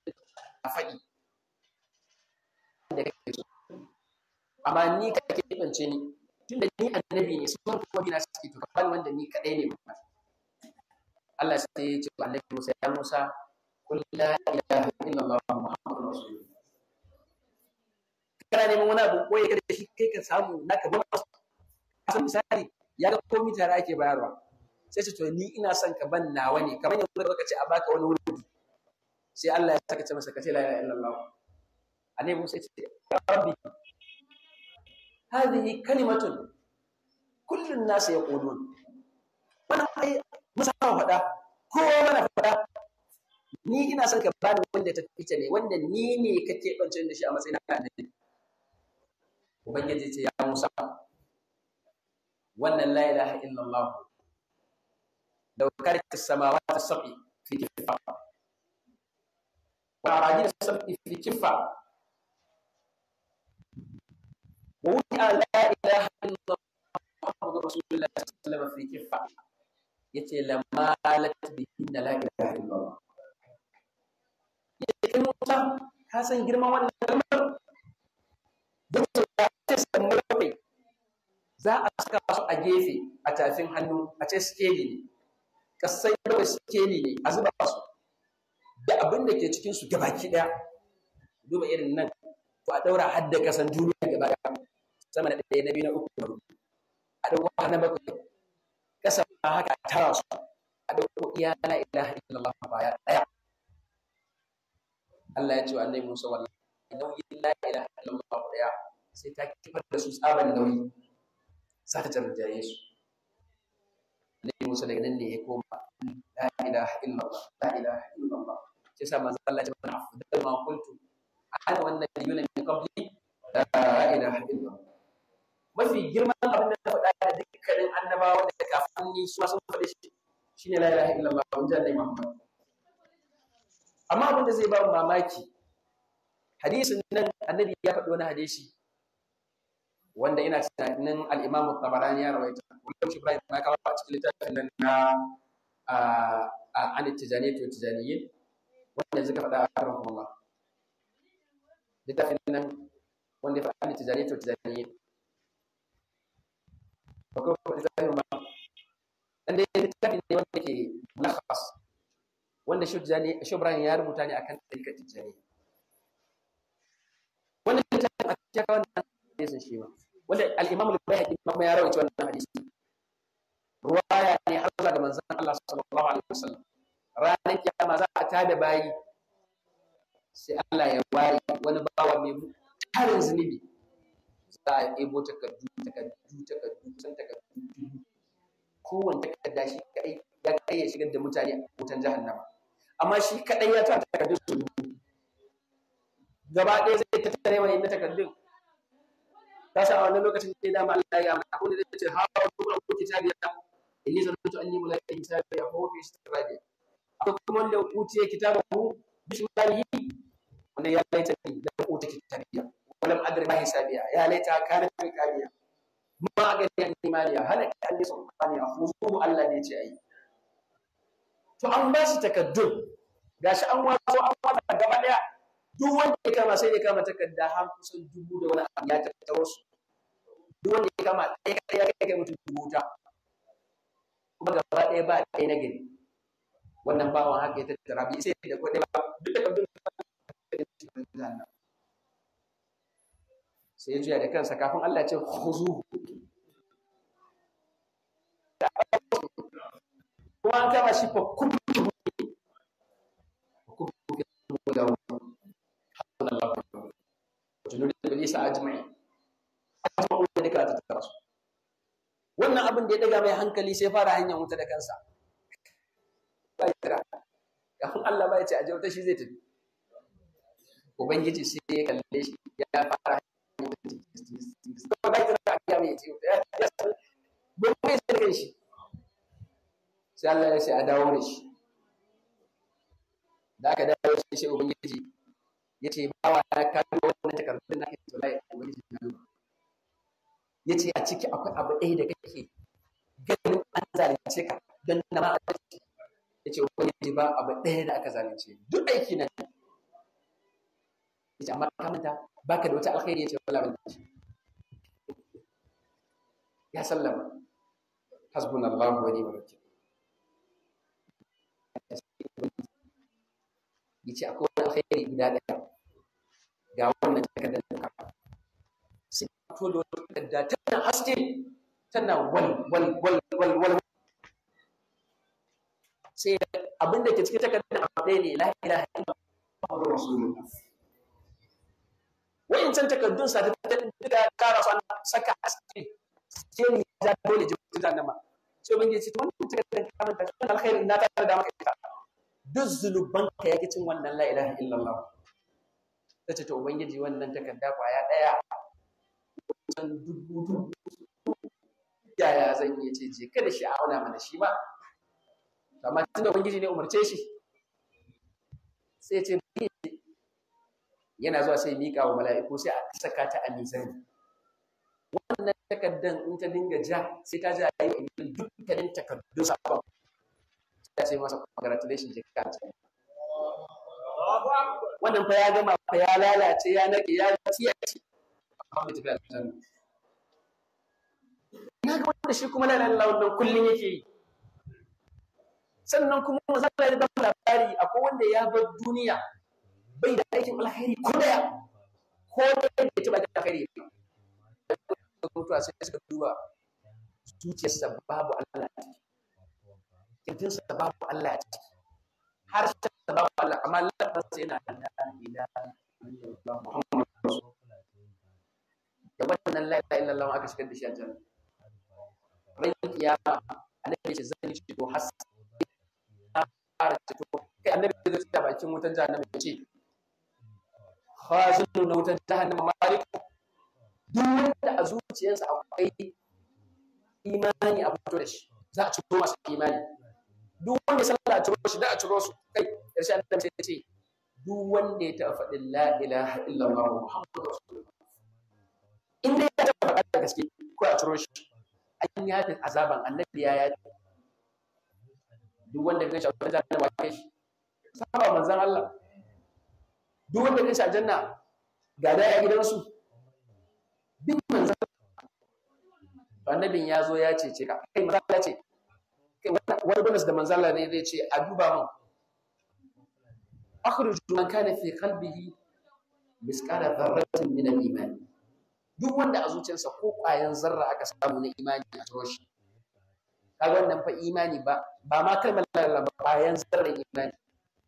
a faɗi amma ni ka ke ɓance ni tunda ni annabi ne sun kuma bina suke to bani wanda ni kaɗai ne ba Allah sai ya ce annabi Musa ya Musa kullu la ilaha illallah muhammadur rasulullah kana neman wani abu ko ya kada shi kai ka samu na ka ba san misali ya ga komai tare ake bayarwa sai ce to ni ina son ka ban nawa ne kamar yanzu da ka ce a baka wani wuri sai Allah ya saka ce masa ka ce la ilaha illallah annabi Musa ya ce rabbi hadhihi kalimatun an nas yaqulun wannan ai musa faɗa kowa mana faɗa ni ina son ka bani wanda ta fice ne wanda ni ne kake bancin da shi a matsayin annabi ubangiji ce ya musa wannan la ilaha illallah daukar samawati sabi fi kifa wa arajin sabi fi kifa wa wuta la ilaha illallah muhammadu rasulullah sallallahu fi kifa yace lamalat bihinna la ilaha illallah yace musa ka san girman wannan system murfi za a saka su a gefe a tafin hannu a ce skeli ne kasai da skeli ne a zuba su da abin da ke cikin su gabaki daya duba irin nan ko a daura har da kasan duniya gaba daya sama da ɗaya na biyu na uku na rubu a dauko na bakwai kasa ba haka tara su a dauko iya la ilaha illallah baya daya Allah ya ce wa Annabi Musa wallahi la ilaha illallah ba daya sai ta kifar da su tsaban nauyi za ta tarjaye su Annabi Musa daga nan ne ya koma la ilaha illallah la ilaha illallah sai sa manzo Allah ya bana da ma A ana wannan yuna min qabli la ilaha illallah mafi girman abin da na faɗa da dukkanin annabawa da kafin ni su sun faɗa shi shine la ilaha illallah wanda Annabi Muhammad amma abin da zai ba mamaki hadisin nan annabi ya faɗi wani hadisi wanda ina tunanin al-Imam tabarani ya rawaita wanda shi Ibrahim na kawo a cikin littafin nan na a an tijani to tijaniyin wanda zaka faɗa a kuma littafin nan wanda ya faɗa an tijani to tijaniyin kuma da zai ma dan dai littafin ne wanda ke mulakhas wanda shi Shubran ya rubuta ne akan tarikar tijani wanda littafin a cikin wannan ne sun shi ma wanda al-Imam al-Bayhaqi kuma ya rawaita wannan hadisi ruwaya ne har zuwa ga manzon Allah sallallahu alaihi wasallam ranar kiyama za a tada bayi sai Allah ya ware wani bawa mai tarin zunubi za a ebo takardu takardu takardu kusan takardu Kowanne takarda shi kai ya kai ya shigar da mutane a wutan jahannama amma shi kadai ya ta takardu su gaba ɗaya zai tare wani na takardun ta sa wannan lokacin da dama Allah ya amma kun da ce ha kuma ku kitabiya inni zanantu anni mulaqi kitabiya ko fi istirabi akwai kuma wanda ku ce kitabahu bishimalihi wannan ya laita ni da ku ta kitabiya walam adri ma hisabiya ya laita kana kitabiya ma ga ni maliya halaka anni subhanahu wa ta'ala Allah ne ce ai to an ba shi takaddum gashi an wato an wata gaba daya duk wanda ya kama sai ya kama takarda har kusan dubu da wani abu ya tattaro su duk wanda ya kama ɗaya ya kai mutum dubu ta kuma gaba ɗaya ba ɗaya na gari wannan bawan haka ya tattara bi sai da kuɗi ba duk da kabin sai ya juya da kansa kafin Allah ce khuzu kuma an kama shi fa kuɗi wannan abin da ya daga mai hankali sai fara hanyar wuta da kansa kafin Allah ba ya ce aje wuta shi zai tafi ubangiji sai ya kalle shi ya fara hanyar wuta ya ya sai Allah ya ce a dawo da shi da aka dawo shi sai ubangiji yace bawa ya kawo wannan takardun na kai wallahi ubangiji na duba yace a ciki akwai abu ɗaya da kake ganin an zalunce ka don na ma yace ji ba abu ɗaya da aka zalunce duk aiki na yace amma ka manta baka da wata alkhairi yace wala ban ya sallama hasbunallahu wa ni'mal tana wal wal wal wal wal sai abin da ke cikin takardar abu ɗaya ne la ilaha illa Muhammadu Rasulullah can takardun sa ta da kara sa saka aski sai ni da dole ji da nama sai ban ce wannan takardar kamar da sunan alkhairin na tare da maka ita duk zulubanka ya cin wannan la ilaha illallah tace to ubangiji wannan takarda auna mana shi ba amma tun da ubangiji ne umarce shi sai ya ce yana zuwa sai miƙa wa mala'iku sai a saka ta a mizani wannan takaddan in ta dinga ja sai ta ja a yi dukkanin takaddun sabon ta ce masa congratulations je ka ce wannan fa ya gama fa ya lalace ya nake ya tiyaci amma mutum ya tsanna wanda shi kuma lalan wannan kullun yake yi sannan kuma mazala da ban labari akwai wanda ya bar duniya bai da aikin alheri ko da ko da ya taba da alheri mutuwa sai suka duba zuciyarsa babu Allah a ciki kirjinsa babu Allah a ciki harshen babu Allah amma lafarsa yana da ila sallallahu alaihi wasallam da wannan la ilaha illallah aka shiga da shi a janna ran kiyama annabi ce zan yi ceto har na fara ceto kai annabi zai tsaya bakin wutan jahannama ya ce khazinu na wutan jahannama malik duk wanda a zuciyarsa akwai imani a fito da shi za a ciro masu imani duk wanda sallah a ciro shi da a ciro su kai yarshe annabi sai ce duk wanda ya taɓa faɗin la ilaha illallah muhammadu rasulullah in dai ya taɓa faɗa da gaske ko a ciro shi an yafe azaban annabi ya yafi duk wanda ya shafi da jahannama ya shi saba manzon Allah duk wanda ya shafi janna ga da ya gidansu duk manzon annabin ya zo ya cece ka kai manzon Allah ce kai wani bonus da manzon Allah ne zai ce a duba mun akhruju man kana fi qalbihi misqala dharratin min al-iman duk wanda a zuciyarsa ko ƙwayan zarra aka samu na imani a turoshi, shi kaga wannan fa imani ba ba ma kalmar lalala ba ƙwayan zarra imani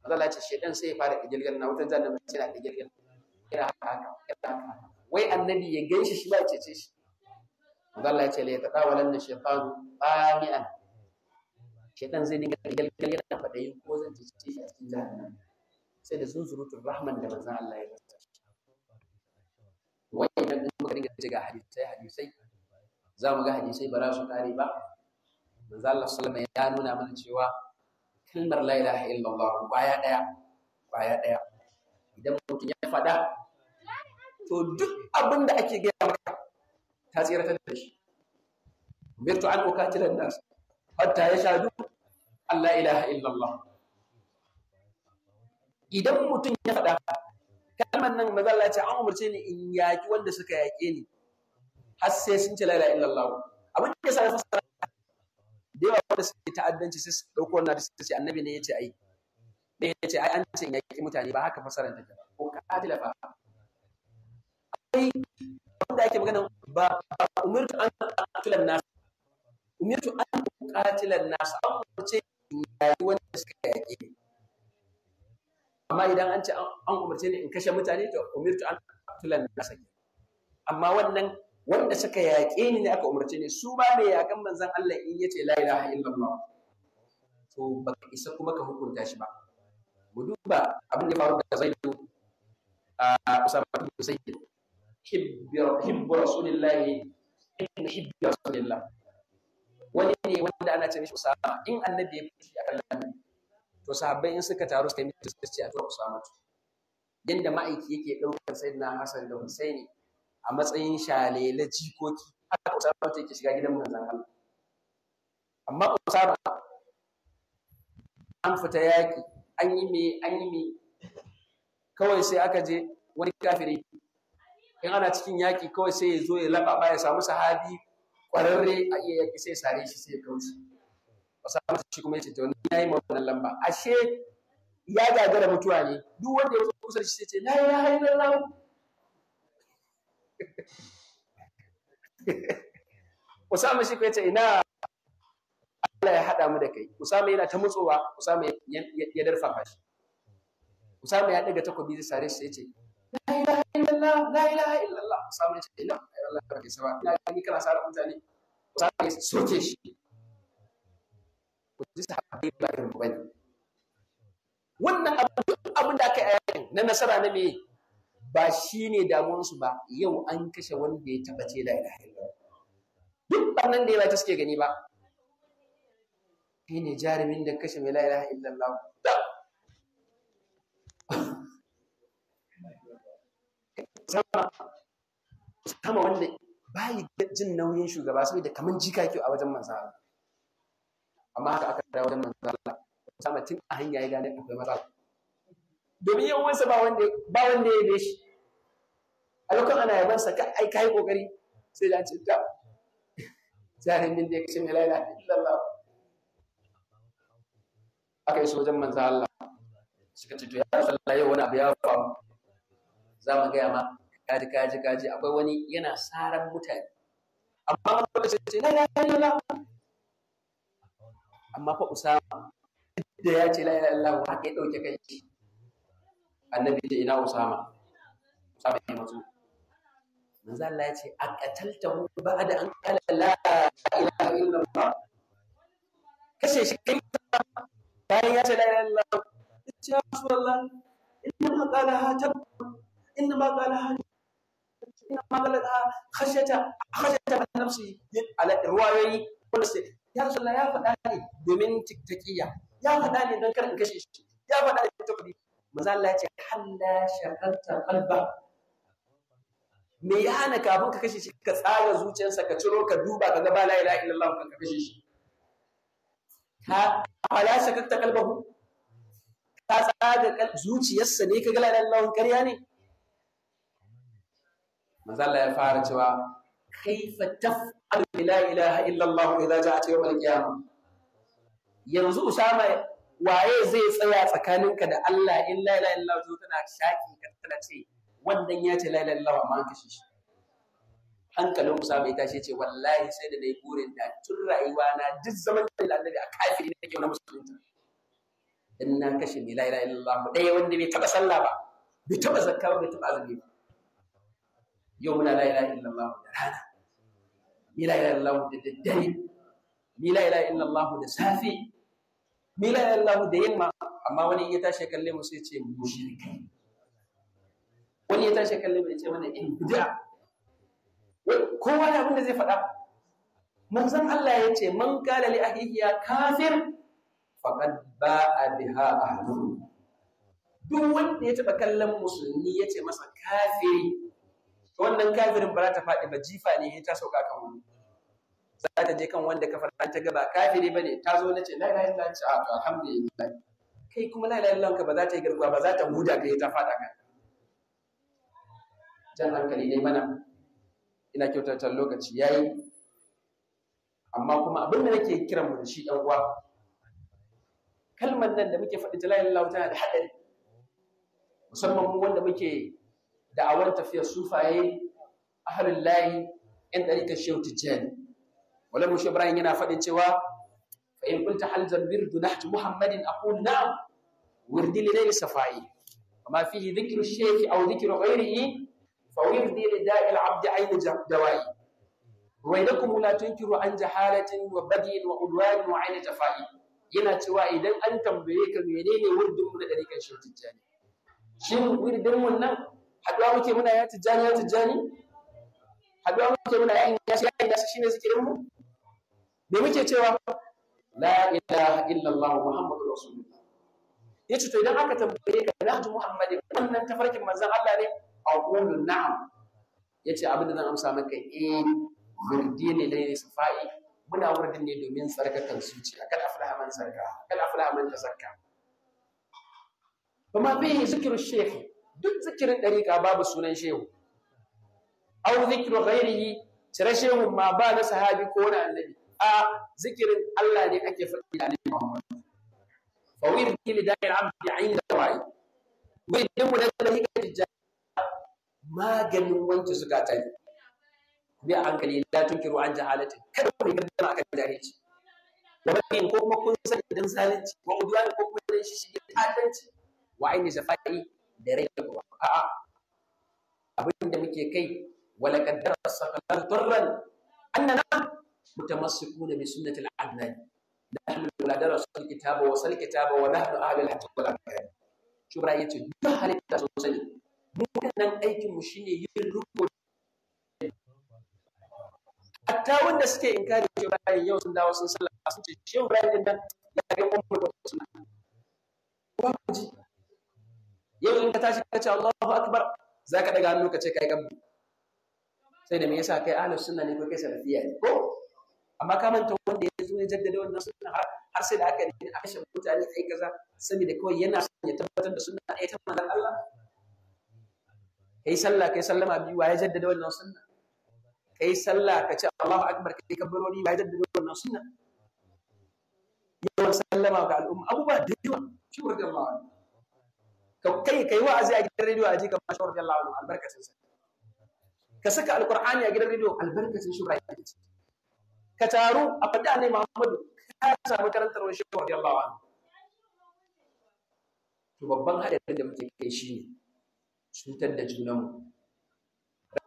Allah ce shedan sai ya fara kigilgan na wutan jahannama sai na kigilgan yana haka yana haka wai annabi ya ganshi shi ba ya cece shi Allah ya ce la na shaytanu qami'an shaytan zai dinga kigilgan yana fadayin ko zan cece shi a cikin jahannama sai da zunzurutun rahman da manzon Allah ya wannan in muka dinga ce ga hadisai hadisai za mu ga hadisai ba za su kare ba manzo Allah sallama ya nuna mana cewa kalmar la ilaha illallah kwaya daya kwaya daya idan mutum ya fada to duk abin da ake gaya maka ta tsiratar da shi umirtu an uqatila an-nas hatta yashhadu an la ilaha illallah idan mutum ya fada kalmar nan maza Allah ya ce an umarce ni in yaki wanda suka yaƙe ni har sai sun ce la'ila illallah abin da ya sa fasara da yawa wanda suke ta'addanci sai su dauko wannan da suke annabi ne yace ai ne yace ai an ce yaki mutane ba haka fasaran take ko katila ba. ai wanda ake magana ba umirtu an qatila nasa. umirtu an qatila nasa. an umarce in yaki wanda suka yaƙe ni amma idan an ce an umarce ni in kashe mutane to umirtu an tulan nasa amma wannan wanda suka yaƙe ni ne aka umarce ni su ba mai yaƙan manzon Allah in yace la ilaha illallah to ba isa kuma ka hukunta shi ba mu duba abin da faru da zaidu a usama bin sayyid hibbu rasulillahi in hibbi rasulillah wani ne wanda ana ce mishi usama in annabi ya fushi a lamarin to sahabbai in suka taru su taimi su ce a tura Usama yanda ma'aiki yake ɗaukar sayyidina Hassan da Husaini a matsayin shalele jikoki haka Usama ta yake shiga gidan manzon Allah amma Usama an fita yaƙi an yi me an yi me kawai sai aka je wani kafiri in ana cikin yaƙi kawai sai ya zo ya laɓaɓa ya samu sahabi ƙwararre a iya yaki sai sare shi sai ya shi Usama shi kuma yace to ni yayi ma lamba ashe ya gagara mutuwa ne duk wanda ya kusa da shi sai ce la ilaha illallah Usama shi kuma yace ina Allah ya haɗa mu da kai Usama yana ta mutsowa Usama ya darfafa shi Usama ya daga takobi da sare shi yace la ilaha illallah la ilaha illallah Usama ya ce ina Allah ya saba ina gani kana sara mutane Usama ya soke shi ku ji ba irin bane wannan abin da aka yi na nasara na me ba shi ne ba yau an kashe wanda ya tabbace ce la ilaha illallah duk barnan da ya ta suke gani ba shi ne jarumin da kashe mai la ilaha illallah sama wanda bayi jin nauyin shugaba saboda kamar jika kyau a wajen manzo amma haka aka dawo wajen manzo Allah Usama tun a hanya ya gane akwai matsala domin yan uwansa ba wanda ba wanda ya yabe shi a lokacin ana yaban sa ka ai kai kokari sai da ce ta jahilin da ya kashe la illa Allah aka yi wajen manzo Allah suka ce to ya sallah yau wani abu ya faru za mu gaya ma kaji kaji kaji akwai wani yana saran mutane amma wanda ce na la na illallah amma fa usama da ya ce la Allah illallah haka ɗauke dauke kai annabi ce ina usama usama ya mazo manzo Allah ya ce a qatalta hu ba'da an qala la ilaha illallah kashe shi kai bayan ya ce la ilaha ce ya rasulullah inna ma qala hatab inna ma qala hatab inna ma qala khashyata khashyata nafsi ala riwayoyi wanda sai ya rasu ya faɗa ne domin tiktakiya ya faɗa ne don kar in kashe shi ya faɗa ne don kuɗi manzo Allah ya ce halla shakarta qalba me ya hana kafin ka kashe shi ka tsara zuciyarsa ka ciro ka duba ka ga ba la ilaha illallah ka kashe shi ka ala shakarta qalbahu ka tsaga zuciyarsa ne ka ga la ilaha illallah ƙarya ne manzo Allah ya fara cewa kaifa taf'alu bi la ilaha illa Allah idza ja'at yawm al-qiyamah yanzu usama waye zai tsaya tsakaninka da Allah in la ilaha illa Allah tana shaki ka tana ce wannan ya ce la ilaha illa Allah amma an kashe shi hankalin usama ya tashi ce wallahi sai da nayi burin da tun rayuwa na duk zaman da annabi a kafiri da yake na musulunta in na kashe ni la ilaha illa Allah dai wanda bai taba sallah ba bai taba zakka ba bai taba azumi ba yau muna la ilaha illa Allah da rana mi la ilaha illallah da daddare mi la ilaha illallah da safe mi la ilaha illallah da yamma amma wani ya tashi kalle mu sai ce mushriki wani ya tashi kalle mu ya ce mana in bid'a kowa da abin da zai faɗa manzon Allah ya ce man qala li akhihi ya kafir faqad ba'a biha ahluhu duk wanda ya taba kallon musulmi ya ce masa kafiri wannan kafirin ba za ta faɗi ba jifa ne ta sauka kan wani za ta je kan wanda kafar ta gaba kafiri ba ne ta zo na ce la ilaha illallah ce alhamdulillah kai kuma la ilaha illallah ba za ta yi garkuwa ba za ta huda kai ta faɗa kan jan hankali dai mana ina kyautata lokaci yayi amma kuma abin da nake kiran mu da shi ɗan uwa kalmar nan da muke faɗi ta la ilaha illallah tana da haɗari musamman mu wanda muke Da da'awar tafiyar sufaye ahalin layi yan ɗarikar shehu tijjani wala mushe ibrahim yana faɗin cewa fa kulta kunta halzan wirdu nahju muhammadin a aqul na'am wirdi li layli safai amma fihi dhikru shaykh aw dhikru yi. fa wirdi li da'il abdi da ayn dawai ruwaidakum la tunkiru an jahalatin wa badin wa udwan wa ayn jafai yana cewa idan an tambaye ka menene wirdin mu da ɗarikar shehu tijjani shin wirdin mun nan haduwa muke muna ya tijjani ya tijjani haduwa muke muna ya yashi ya yashi shine zikirin mu me muke cewa la ilaha illallah muhammadur rasulullah yace to idan aka tambaye ka nahju muhammadin wannan tafarkin manzon Allah ne aqulu na'am yace abin da zan amsa maka eh wurdi ne lai safai muna wurdin ne domin tsarkakan zuciya kada aflaha man sarka kada aflaha man tazakka kuma fihi zikru shaykh duk zikirin dariƙa babu sunan shehu au zikiru ghairihi cire shehu ma ba na sahabi ko na annabi a zikirin Allah ne ake faɗi da annabi Muhammad fa wirdi li da'il abdi inda wa'i wirdin mu da zalika tijja maganin suka ta yi? bi hankali da tunkiru an jahalati kada ku yi gaddama akan jahilci wa bayin ko kuma kun san idan zalunci wa udwan ko kuma dan shi shi ci? wa aini shafa'i da rai da ruwa a'a abin da muke kai wala qaddara sakalan turran annana mutamassikuna bi sunnati al-adnani nahnu la darasul kitaba wa sal kitaba wa nahnu ahlul haqq wal adnani shubra yace duk halitta sun sani mu nan aikin mu shine yin rubutu hatta wanda suke inkari shubra yau sun dawo sun sallah sun ce shubra din nan tashi ka ce Allahu akbar zaka daga hannu ka ce kai gambi sai da me yasa kai ahlus sunna ne ko kai salafiyya ne ko amma ka manta wanda ya zo ya jaddada wannan sunna har sai da aka yi a kashe mutane ai kaza saboda kawai yana son ya tabbatar da sunna ai ta manzon Allah kai sallah kai sallama biyu wa ya jaddada wannan sunna kai sallah ka ce Allahu akbar kai kabbarori wa ya jaddada wannan sunna yawan sallama ga al'umma abubuwa da yawa shi wurgan ma wannan kai kai wa'azi a gidan rediyo a ji kamar shawar radiyallahu anhu albarkacin sa ka saka alqur'ani a gidan rediyo albarkacin shi ibrahim ka taru a faɗi annabi muhammadu ka samu karantar wani shawar radiyallahu anhu to babban hadarin da muke kai shine cutar da junanmu mu.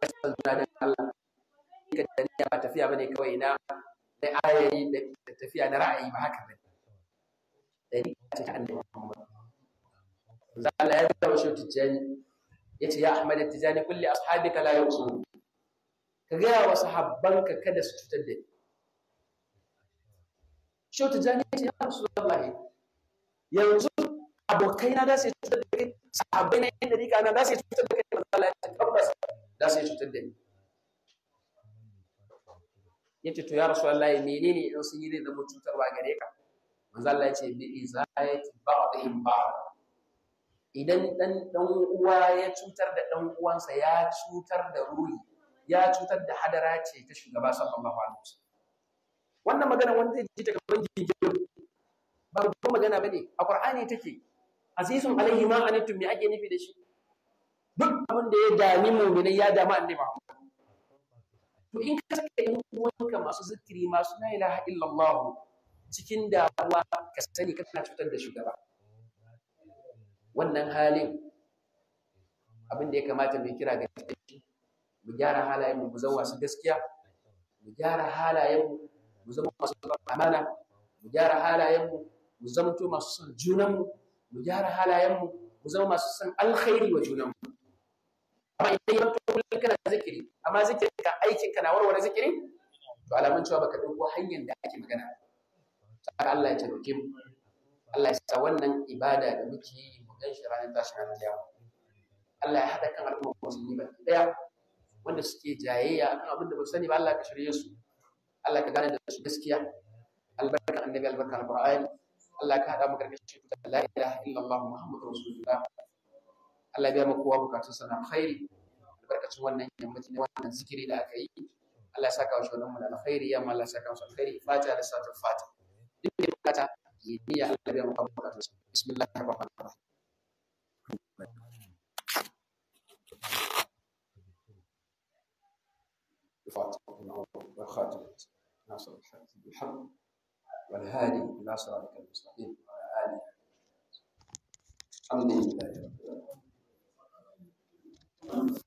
juna da Allah ka taniya ba tafiya bane kawai na da ayayi da tafiya na ra'ayi ba haka bane da ni ta annabi muhammadu manzo ya zama shi tijani yace ya Ahmad tijani kulli ashabika la yusu ka gaya wa sahabbanka kada su cutar da ni shi tijani yace ya Rasulullah yanzu abokai na da su cutar da ni sahabbai na yin dariƙa na da su cutar da ni manzo Allah ya tabbas da su cutar da ni yace to ya Rasulullah menene in sun yi zai zama cutarwa gare ka manzo Allah yace bi izayati ba'dihim ba'd idan dan dan uwa ya cutar da dan uwansa ya cutar da ruhi ya cutar da hadara ce ta shugaba sallallahu alaihi wasallam wannan magana wanda zai ji daga bangin gidan ba ko magana bane a qur'ani take azizun alaihi ma anatum me ake nufi da shi duk abin da ya dami mu'minai ya dami annabi to in ka saka yin uwanka masu zikiri masu la ilaha illallah cikin damuwa ka sani kana cutar da shugaba wannan halin abin da ya kamata mai kira ga mu gyara halayenmu mu zama masu gaskiya mu gyara halayenmu mu zama masu amana mu gyara halayenmu mu zama masu son junanmu, mu gyara halayenmu mu zama masu son alkhairi wa junanmu. mu amma idan ya to kullum kana zikiri amma zikirin ka aikin kana na warware zikiri to alamun cewa baka dauko hanyar da ake magana saka Allah ya taimake mu Allah ya sa wannan ibada da muke yi ɗan shi ranar tashin Allah ya haɗa kan musulmi ɗaya wanda suke jayayya akan abin da ba sani ba Allah ka shirye su Allah ka gane da su gaskiya albarkan annabi albarkan alqur'ani Allah ka haɗa mu karkashin tutar la ilaha illallah muhammadur rasulullah Allah ya biya mu kowa bukatun sa khairi albarkacin wannan yammaci ne wannan zikiri da aka yi Allah ya saka wa shugaban mu da alkhairi ya Allah ya saka mu alkhairi fata da satar fata duk da bukata yi niyya Allah ya biya mu bukatun sa bismillahir rahmanir rahim بفاطمة المعروف والخاتمة ناصر الحق بالحق والهادي إلى صراطك المستقيم وعلى آله الحمد لله رب العالمين